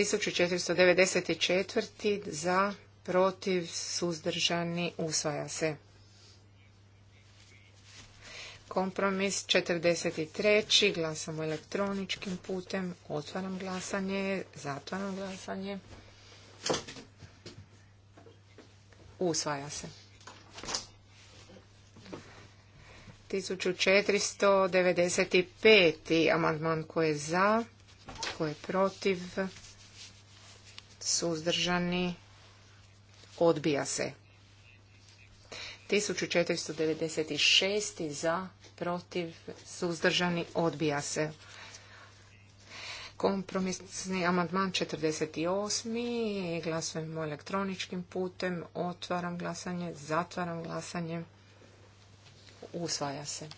1494. za, protiv, suzdržani, usvaja se. Kompromis 43. Glasamo elektroničkim putem. Otvaram glasanje. Zatvaram glasanje. Usvaja se. 1495. Amandman koji je za, koje je protiv, suzdržani, odbija se. 1496. za, protiv, suzdržani, odbija se. Kompromisni amandman 48. Glasujemo elektroničkim putem. Otvaram glasanje, zatvaram glasanje. Usvaja se.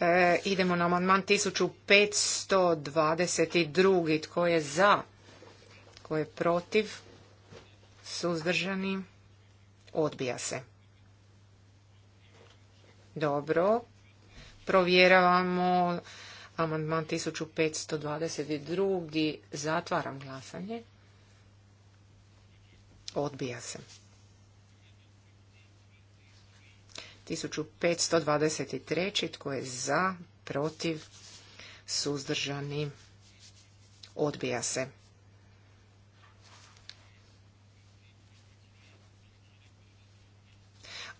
E, idemo na amandman 1522. Tko je za? Tko je protiv? Suzdržani? Odbija se. Dobro. Provjeravamo amandman 1522. Zatvaram glasanje. Odbija se. 1523. Tko je za, protiv, suzdržani, odbija se.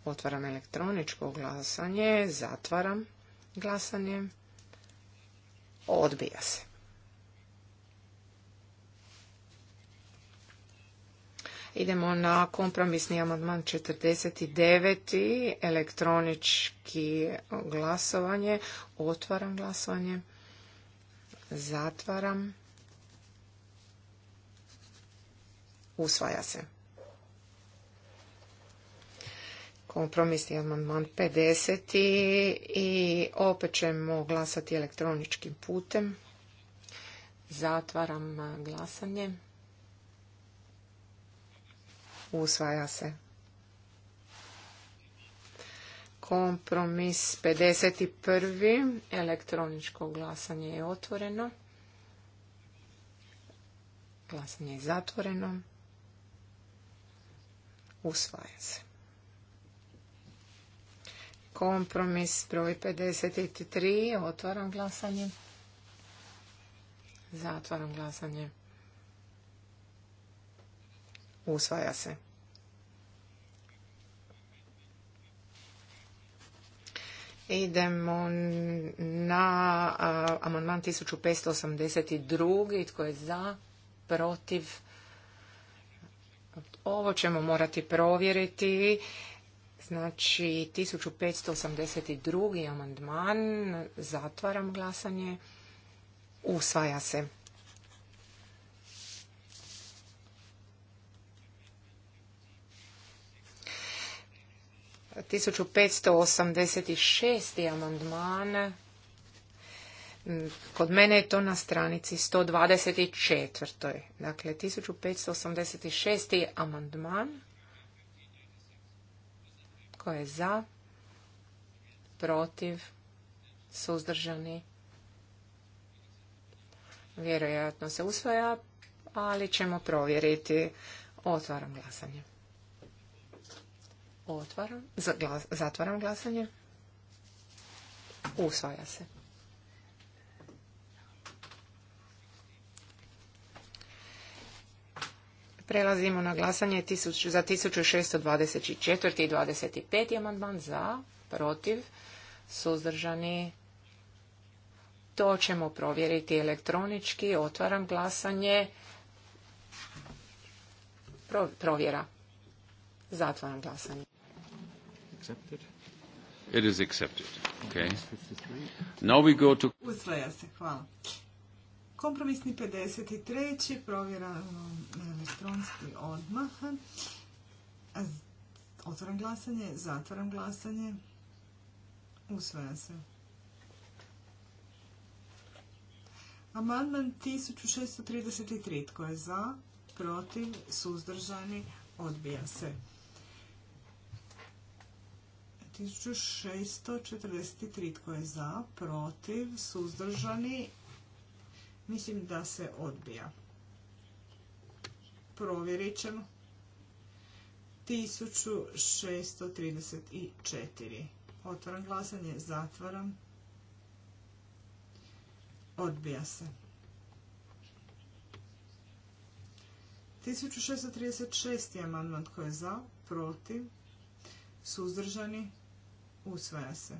Otvaram elektroničko glasanje, zatvaram glasanje, odbija se. Idemo na kompromisni amandman 49. Elektronički glasovanje. Otvaram glasovanje. Zatvaram. Usvaja se. Kompromisni amandman 50. I opet ćemo glasati elektroničkim putem. Zatvaram glasanje usvaja se. Kompromis 51. Elektroničko glasanje je otvoreno. Glasanje je zatvoreno. Usvaja se. Kompromis broj 53. Otvaram glasanje. Zatvaram glasanje. Usvaja se. Idemo na amandman 1582. Tko je za? Protiv? Ovo ćemo morati provjeriti. Znači, 1582. amandman. Zatvaram glasanje. Usvaja se. 1586. amandman. Mm, kod mene je to na stranici 124. Dakle, 1586. amandman. Ko je za? Protiv? Suzdržani? Vjerojatno se usvaja, ali ćemo provjeriti. Otvaram glasanje. Otvaram, zatvaram glasanje. Usvaja se. Prelazimo na glasanje za 1624. i 25. amandman za, protiv, suzdržani. To ćemo provjeriti elektronički. Otvaram glasanje. provjera. Zatvaram glasanje accepted? It is accepted. Okay. Now we go to... Usvaja se, hvala. Kompromisni 53. Provjeramo um, elektronski odmah. Otvoram glasanje, zatvoram glasanje. Usvaja se. Amandman 1633. Tko je za? Protiv? Suzdržani? Odbija se. 1643. Tko je za? Protiv? Suzdržani? Mislim da se odbija. Provjerit ćemo. 1634. Otvaram glasanje, zatvaram. Odbija se. 1636. amandman tko je za, protiv, suzdržani, usvaja se.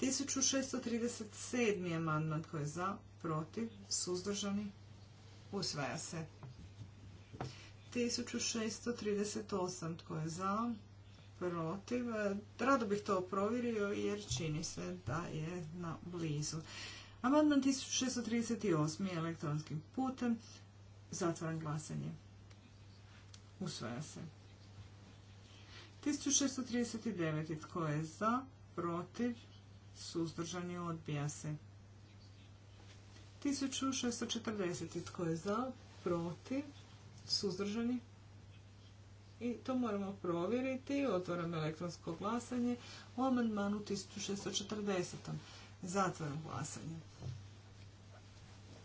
1637. amandman koji je za, protiv, suzdržani, usvaja se. 1638. Tko je za? Protiv. Rado bih to provjerio jer čini se da je na blizu. Amandman 1638. elektronskim putem. Zatvaram glasanje. Usvaja se. 1639. Tko je za? Protiv? Suzdržani odbija se. 1640. Tko je za? Protiv? Suzdržani? I to moramo provjeriti. Otvoram elektronsko glasanje u amandmanu 1640. Zatvaram glasanje.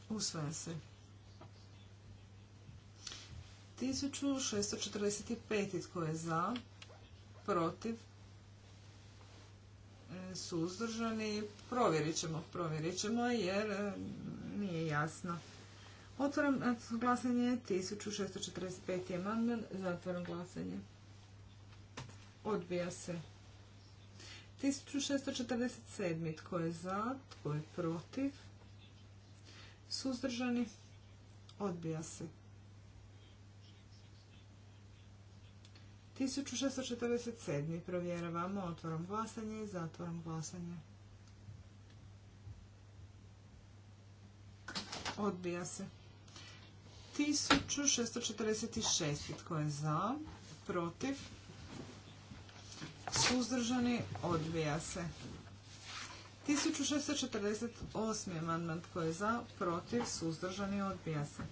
Usvaja se. 1645. Tko je za? protiv, suzdržani, provjerit ćemo, provjerit ćemo jer e, nije jasno. otvoram e, glasanje 1645. amandman, zatvaram glasanje. Odbija se. 1647. Tko je za? Tko je protiv? Suzdržani? Odbija se. 1647. Provjeravamo, otvorom glasanje i zatvorom glasanje. Odbija se. 1646. Tko je za? Protiv? Suzdržani? Odbija se. 1648. amandman tko je za? Protiv? Suzdržani? Odbija se.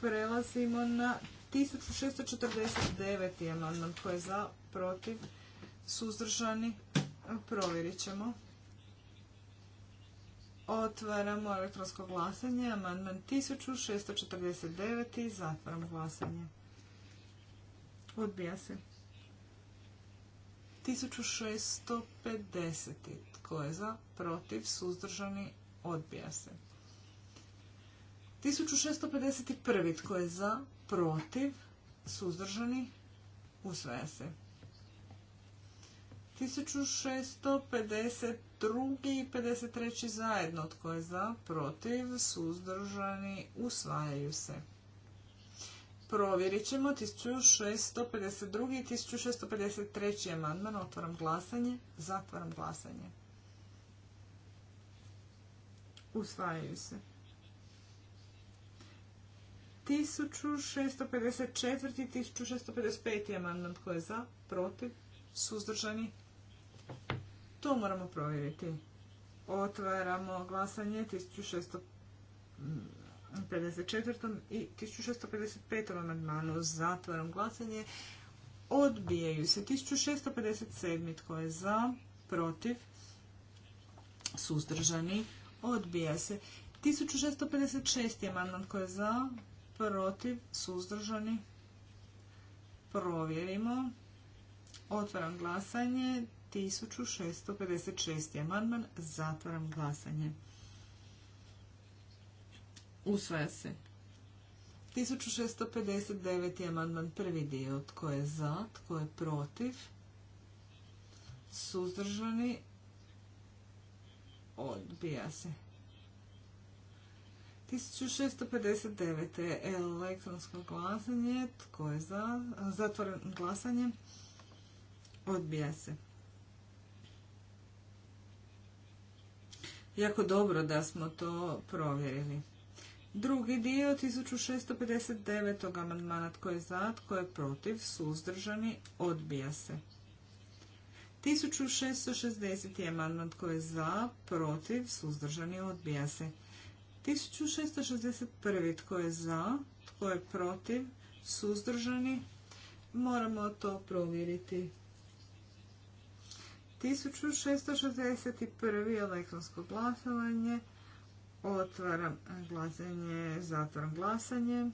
Prelazimo na 1649. amandman koji je za, protiv, suzdržani. Provjerit ćemo. Otvaramo elektronsko glasanje. Amandman 1649. zatvaram glasanje. Odbija se. 1650. Tko je za? Protiv? Suzdržani? Odbija se. 1651. Tko je za? Protiv? Suzdržani? Usvaja se. 1652. i 53. zajedno. Tko je za? Protiv? Suzdržani? Usvajaju se. Provjerit ćemo 1652. i 1653. amandman. Otvaram glasanje. Zatvaram glasanje. Usvajaju se. 1654. i 1655. amandman tko je za, protiv, suzdržani. To moramo provjeriti. Otvaramo glasanje 1654. i 1655. amandmanu. Zatvaram glasanje. Odbijaju se 1657. tko je za, protiv, suzdržani. Odbija se 1656. amandman tko je za, protiv, suzdržani. Provjerimo. Otvaram glasanje. 1656. amandman. Zatvaram glasanje. Usvaja se. 1659. amandman. Prvi dio. Tko je za? Tko je protiv? Suzdržani. Odbija se. 1659. elektronsko glasanje. Tko je za? Zatvoren glasanje. Odbija se. Jako dobro da smo to provjerili. Drugi dio 1659. amandmana tko je za, tko je protiv, suzdržani, odbija se. 1660. amandman tko je za, protiv, suzdržani, odbija se. 1661. Tko je za? Tko je protiv? Suzdržani? Moramo to provjeriti. 1661. elektronsko glasovanje. Otvaram glasanje, zatvaram glasanje.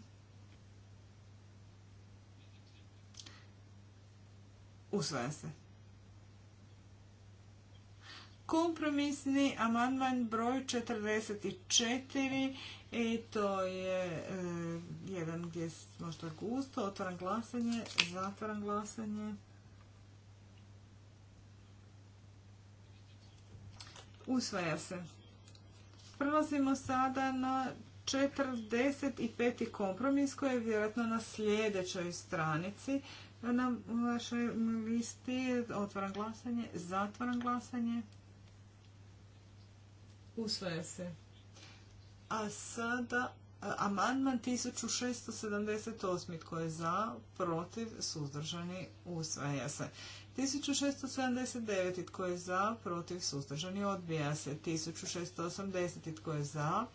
Usvaja se. Kompromisni amandman broj 44 i to je e, jedan gdje smo što gusto. Otvaram glasanje, zatvaram glasanje. Usvaja se. Prelazimo sada na 45. kompromis koji je vjerojatno na sljedećoj stranici na vašoj listi. Otvaram glasanje, zatvaram glasanje. Usvaja se. A sada e, amandman 1678. Tko je za, protiv, suzdržani, usvaja se. 1679. Tko je za, protiv, suzdržani, odbija se. 1680. Tko je za,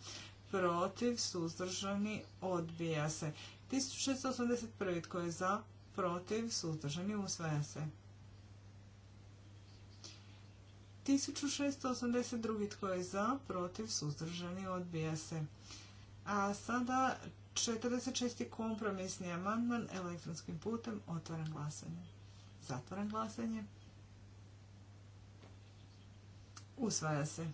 protiv, suzdržani, odbija se. 1681. Tko je za, protiv, suzdržani, usvaja se. 1682. Tko je za? Protiv? Suzdržani? Odbija se. A sada 46. kompromisni amandman elektronskim putem. Otvaram glasanje. Zatvaram glasanje. Usvaja se.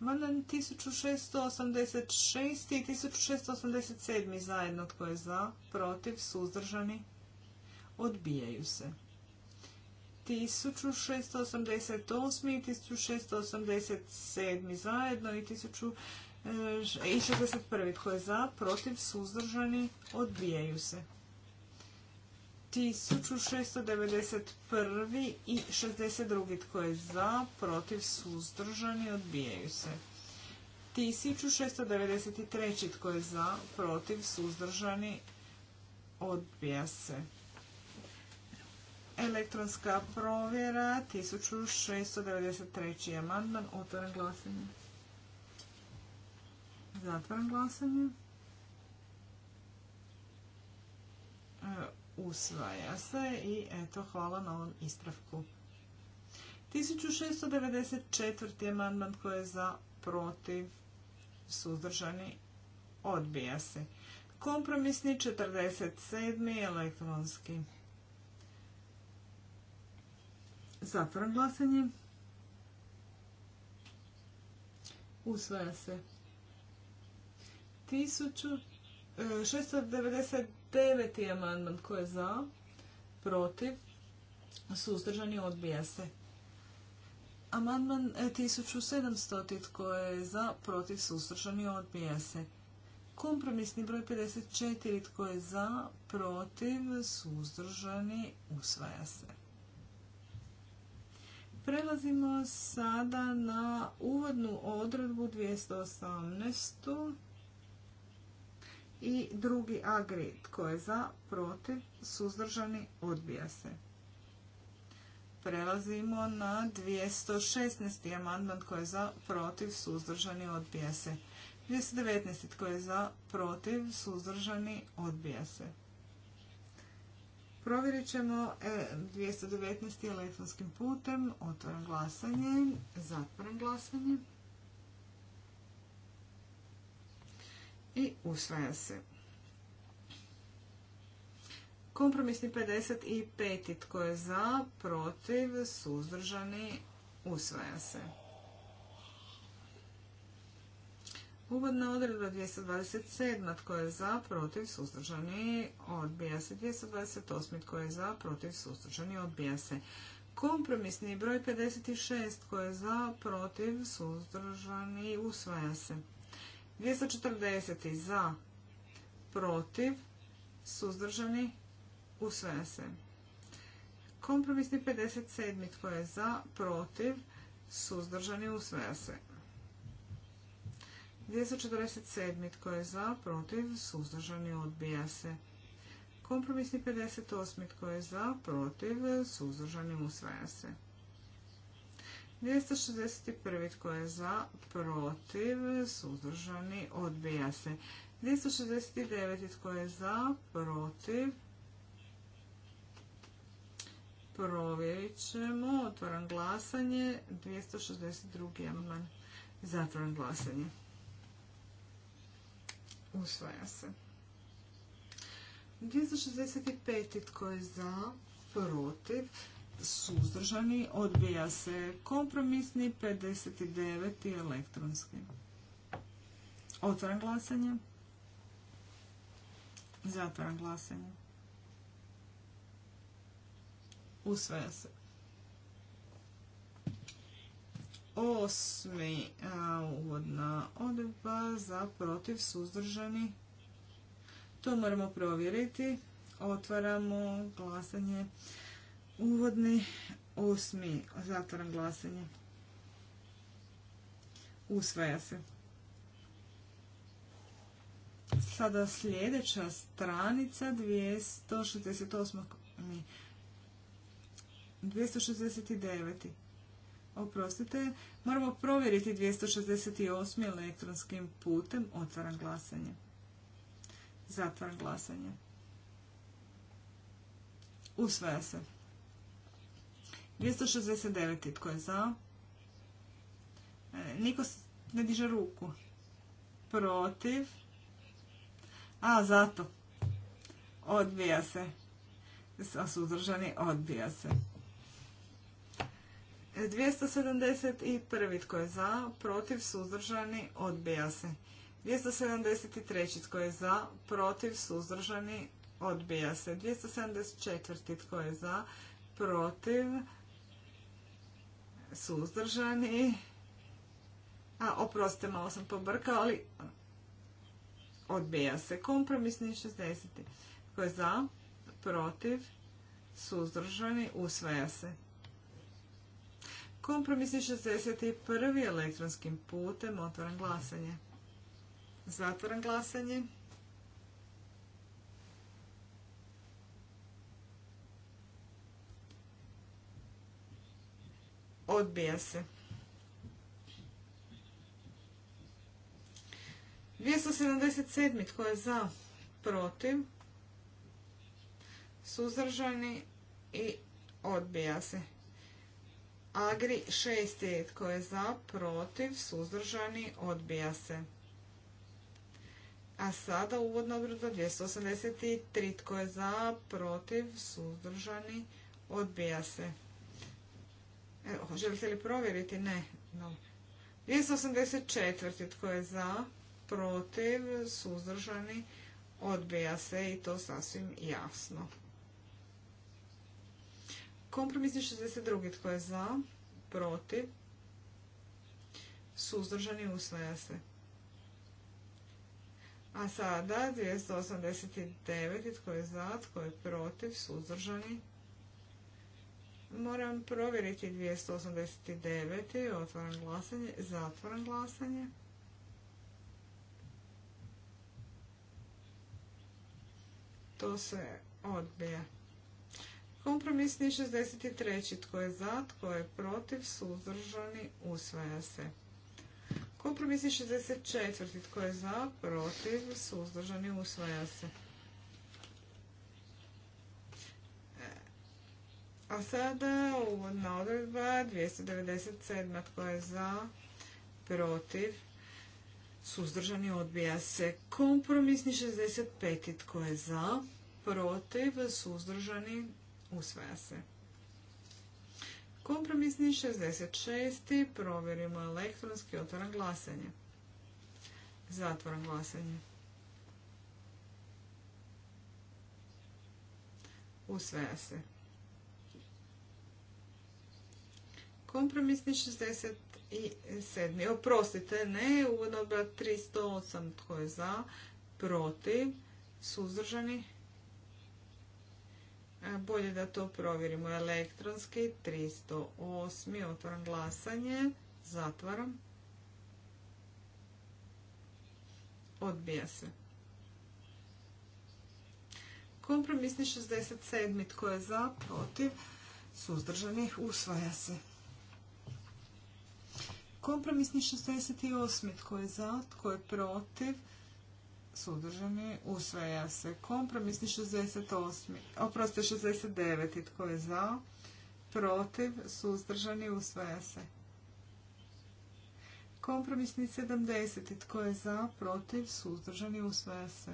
Amandman 1686. i 1687. zajedno tko je za, protiv, suzdržani, odbijaju se. 1688. i 1687. zajedno i 1691. E, Tko je za, protiv, suzdržani, odbijaju se. 1691. i 62. Tko je za, protiv, suzdržani, odbijaju se. 1693. Tko je za, protiv, suzdržani, odbija se. Elektronska provjera 1693. amandman. Otvoren glasanje. Zatvoren glasanje. E, usvaja se i eto hvala na ovom ispravku. 1694. amandman koji je za protiv suzdržani odbija se. Kompromisni 47. elektronski. Zatvoram glasanje. Usvaja se. 1699. E, amandman ko je za, protiv, suzdržani odbija se. Amandman 1700. E, tko je za, protiv, suzdržani odbija se. Kompromisni broj 54. tko je za, protiv, suzdržani, usvaja se. Prelazimo sada na uvodnu odredbu 218. i drugi agrit koji je za, protiv, suzdržani, odbija se. Prelazimo na 216. amandman koji je za, protiv, suzdržani, odbija se. 219. koji je za, protiv, suzdržani, odbija se. Provjerit ćemo 219. E, elektronskim putem. Otvaram glasanje. Zatvaram glasanje. I usvaja se. Kompromisni 55. Tko je za, protiv, suzdržani, usvaja se. Uvodna odredba 227. Tko je za, protiv, suzdržani, odbija se. 228. Tko je za, protiv, suzdržani, odbija se. Kompromisni broj 56. Tko je za, protiv, suzdržani, usvaja se. 240. Za, protiv, suzdržani, usvaja se. Kompromisni 57. Tko je za, protiv, suzdržani, usvaja se. 247. Tko je za? Protiv? Suzdržani? Odbija se. Kompromisni 58. Tko je za? Protiv? Suzdržani? Usvaja se. 261. Tko je za? Protiv? Suzdržani? Odbija se. 269. Tko je za? Protiv? Provjerit ćemo. otvoran glasanje. 262. amandman. Zatvaram glasanje. Usvaja se. 265. Tko je za? Protiv? Suzdržani? Odbija se kompromisni 59. elektronski. Otvaram glasanje. Zatvaram glasanje. Usvaja se. Osmi uvodna odredba za protiv suzdržani. To moramo provjeriti. Otvaramo glasanje. Uvodni osmi. Zatvaram glasanje. Usvaja se. Sada sljedeća stranica 268. 269. Oprostite, moramo provjeriti 268. elektronskim putem. Otvaram glasanje. Zatvaram glasanje. Usvaja se. 269. Tko je za? E, niko ne diže ruku. Protiv. A, zato. Odbija se. A suzdržani odbija se. 271. tko je za, protiv, suzdržani, odbija se. 273. tko je za, protiv, suzdržani, odbija se. 274. tko je za, protiv, suzdržani, a oprostite, malo sam pobrkao, ali odbija se. Kompromisni 60. tko je za, protiv, suzdržani, usvaja se. Kompromisni 61. elektronskim putem. Otvoren glasanje. Zatvaram glasanje. Odbija se. 277. Tko je za? Protiv. Suzdržani i odbija se. Agri 6. Tko je za, protiv, suzdržani, odbija se. A sada uvodna odredba 283. Tko je za, protiv, suzdržani, odbija se. E, želite li provjeriti? Ne. No. 284. Tko je za, protiv, suzdržani, odbija se i to sasvim jasno. Kompromisni 62. Tko je za? Protiv? Suzdržani usvaja se. A sada 289. Tko je za? Tko je protiv? Suzdržani? Moram provjeriti 289. otvoreno glasanje. Zatvaram glasanje. To se odbija. Kompromisni 63. Tko je za, tko je protiv, suzdržani, usvaja se. Kompromisni 64. Tko je za, protiv, suzdržani, usvaja se. A sada uvodna odredba 297. Tko je za, protiv, suzdržani, odbija se. Kompromisni 65. Tko je za, protiv, suzdržani, usvaja se. Kompromisni 66. Provjerimo elektronski otvoran glasanje. Zatvoran glasanje. Usvaja se. Kompromisni 67. Oprostite, ne, uvodno 308. Tko je za? Protiv? Suzdržani? E, bolje da to provjerimo elektronski. 308. otvoram glasanje. Zatvaram. Odbija se. Kompromisni 67. Tko je za, protiv, suzdržanih, usvaja se. Kompromisni 68. Tko je za, tko je protiv, Sudržani. Usvaja se kompromisni 68. Oprosti 69. Tko je za? Protiv. Suzdržani. Usvaja se. Kompromisni 70. Tko je za? Protiv. Suzdržani. Usvaja se.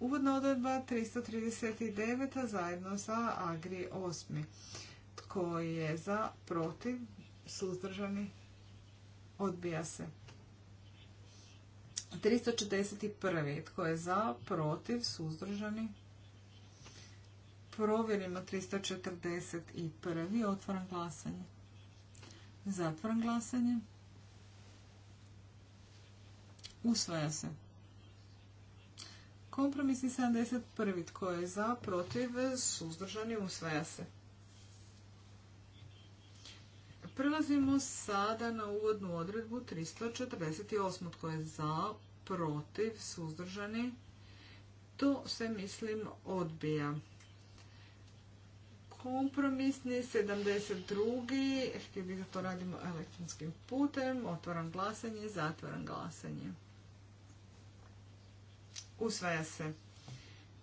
Uvodna odredba 339. zajedno sa Agri 8. Tko je za? Protiv. Suzdržani. Odbija se. 341. Tko je za, protiv, suzdržani? Provjerimo 341. Otvaram glasanje. Zatvaram glasanje. Usvaja se. Kompromisni 71. Tko je za, protiv, suzdržani? Usvaja se. Prelazimo sada na uvodnu odredbu 348. Tko je za, protiv, suzdržani? To se, mislim, odbija. Kompromisni 72. Htio bih da to radimo elektronskim putem. Otvaram glasanje, zatvaram glasanje. Usvaja se.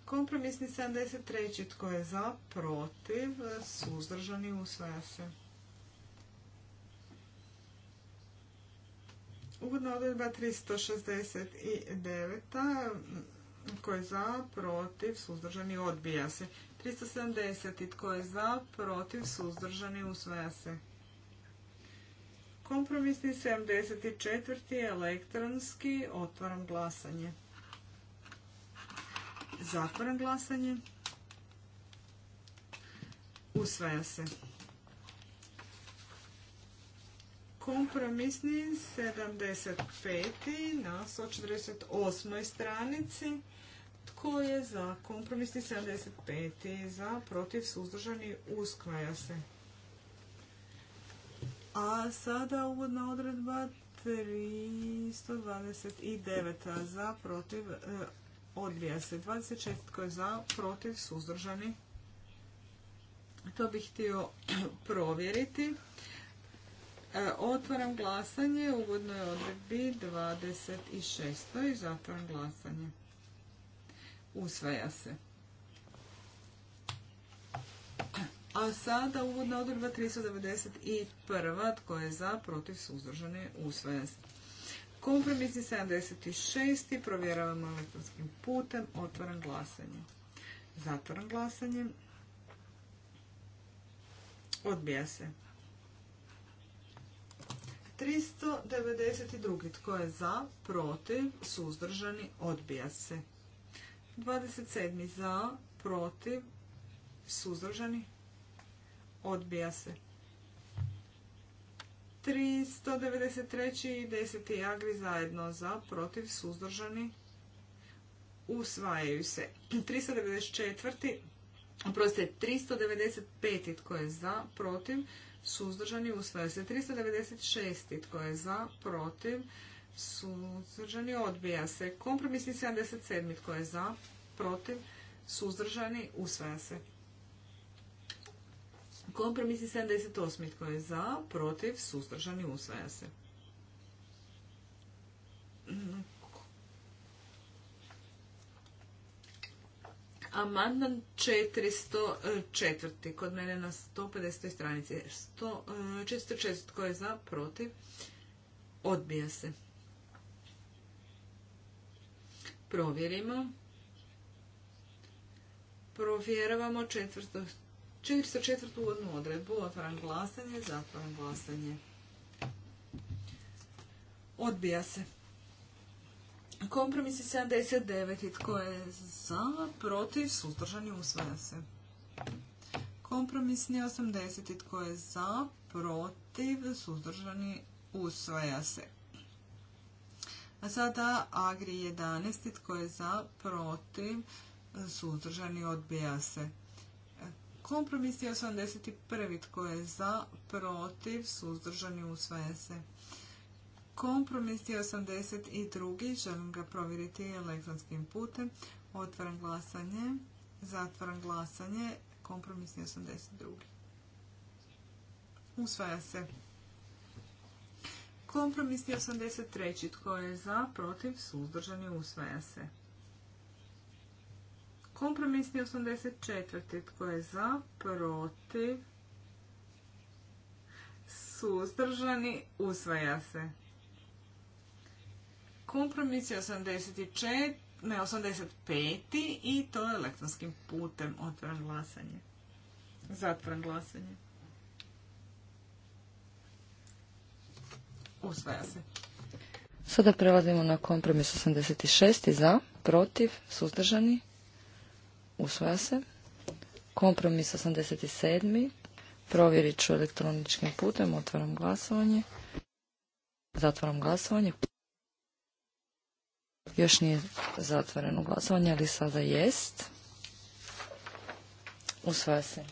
Kompromisni 73. Tko je za, protiv, suzdržani? Usvaja se. Ugodna odredba 369. Tko je za, protiv, suzdržani, odbija se. 370. Tko je za, protiv, suzdržani, usvaja se. Kompromisni 74. elektronski. Otvaram glasanje. Zatvaram glasanje. Usvaja se. Kompromisni 75. na 148. stranici. Tko je za kompromisni 75. za protiv suzdržani uskvaja se. A sada uvodna odredba 329. za protiv e, odbija se. 24. je za protiv suzdržani. To bih htio provjeriti. E, otvaram glasanje u uvodnoj odredbi 26. i zatvaram glasanje. Usvaja se. A sada uvodna odredba 391. Tko je za, protiv, suzdržane, usvaja se. Kompromisni 76. Provjeravamo elektronskim putem. Otvaram glasanje. Zatvaram glasanje. Odbija se. 392. Tko je za? Protiv? Suzdržani? Odbija se. 27. Za? Protiv? Suzdržani? Odbija se. 393. i 10. jagri zajedno za, protiv, suzdržani, usvajaju se. 394. Oprostite, 395. tko je za, protiv, suzdržani, usvaja se. 396. tko je za, protiv, suzdržani, odbija se. Kompromisni 77. tko je za, protiv, suzdržani, usvaja se. Kompromisni 78. tko je za, protiv, suzdržani, usvaja se. Amandman 404. Kod mene na 150. stranici. 404. E, Tko je za? Protiv? Odbija se. Provjerimo. Provjeravamo 404. uvodnu odredbu. Otvaram glasanje. Zatvaram glasanje. Odbija se. Kompromis 79. Tko je za, protiv, suzdržani, usvaja se. Kompromisni 80. Tko je za, protiv, suzdržani, usvaja se. A sada Agri 11. Tko je za, protiv, suzdržani, odbija se. Kompromis je 81. Tko je za, protiv, suzdržani, usvaja se. Kompromis je 82. Želim ga provjeriti elektronskim putem. Otvaram glasanje. Zatvaram glasanje. Kompromis je 82. Usvaja se. Kompromis je 83. Tko je za, protiv, suzdržani, usvaja se. Kompromisni 84. Tko je za, protiv, suzdržani, usvaja se. Kompromis je 84, ne, 85. i to elektronskim putem otvoren glasanje. Zatvoren glasanje. Usvaja se. Sada prelazimo na kompromis 86. Za, protiv, suzdržani. Usvaja se. Kompromis 87. Provjerit ću elektroničkim putem. Otvaram glasovanje. Zatvaram glasovanje. Još nije zatvoreno glasovanje, ali sada jest. Usvaja se.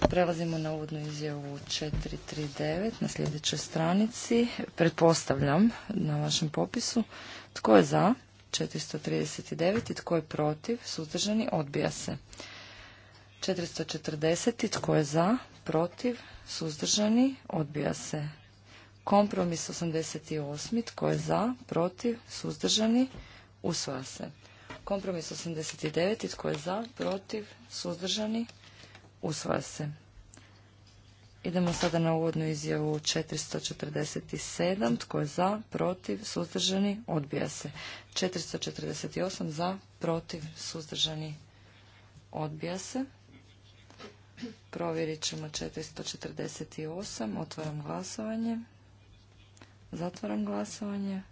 Prelazimo na uvodnu izjavu 439 na sljedećoj stranici. Pretpostavljam na vašem popisu. Tko je za? 439. I tko je protiv? Suzdržani? Odbija se. 440. Tko je za? Protiv? Suzdržani? Odbija se. Kompromis 88. Tko je za? Protiv? Suzdržani? Usvaja se. Kompromis 89. Tko je za? Protiv? Suzdržani? Usvaja se. Idemo sada na uvodnu izjavu 447. Tko je za? Protiv? Suzdržani? Odbija se. 448. Za? Protiv? Suzdržani? Odbija se. Provjerit ćemo 448. Otvaram glasovanje. Zatvaram glasovanje.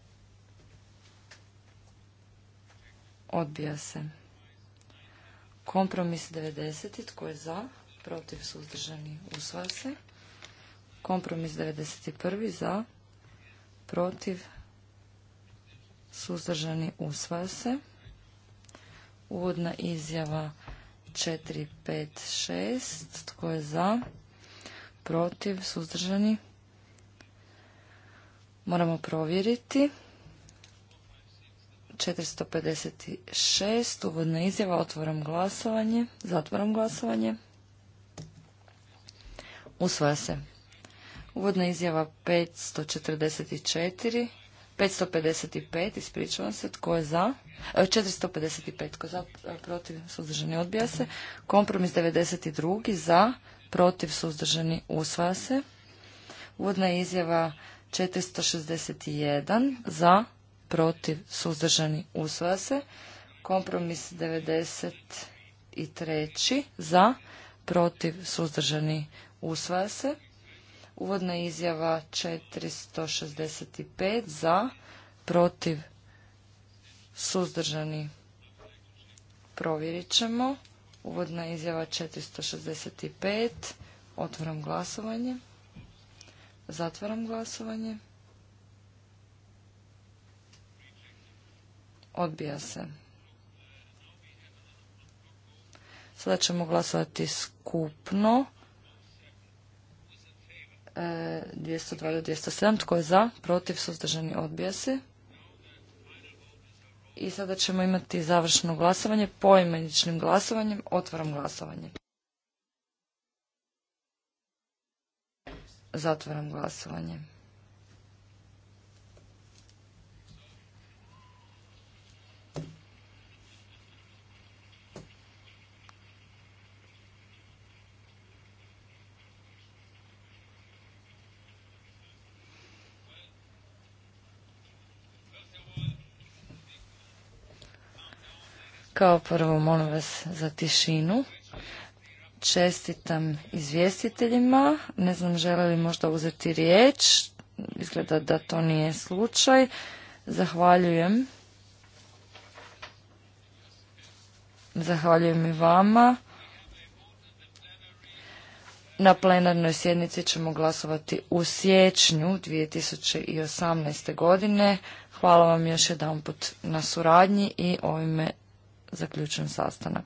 Odbija se. Kompromis 90. Tko je za? Protiv suzdržani. Usvaja se. Kompromis 91. Za? Protiv suzdržani. Usvaja se. Uvodna izjava 4, 5, 6. Tko je za? Protiv suzdržani. Moramo provjeriti. 456. Uvodna izjava. Otvoram glasovanje. Zatvoram glasovanje. Usvaja se. Uvodna izjava 544. 555, ispričavam se, tko je za? 455, e, tko je za, e, protiv, suzdržani, odbija se. Kompromis 92, za, protiv, suzdržani, usvaja se. Uvodna izjava 461 za, protiv, suzdržani, usvaja se. Kompromis 93 za, protiv, suzdržani, usvaja se. Uvodna izjava 465 za, protiv, suzdržani, provjerit ćemo. Uvodna izjava 465, otvoram glasovanje. Zatvaram glasovanje. Odbija se. Sada ćemo glasovati skupno. E, 202 do 207. Tko je za? Protiv? Suzdržani? Odbija se. I sada ćemo imati završno glasovanje poimeničnim glasovanjem. Otvaram glasovanje. Zatvaram glasovanje. Kao prvo, molim vas za tišinu. Čestitam izvjestiteljima. Ne znam, žele li možda uzeti riječ. Izgleda da to nije slučaj. Zahvaljujem. Zahvaljujem i vama. Na plenarnoj sjednici ćemo glasovati u siječnju 2018. godine. Hvala vam još jedanput na suradnji i ovime zaključujem sastanak.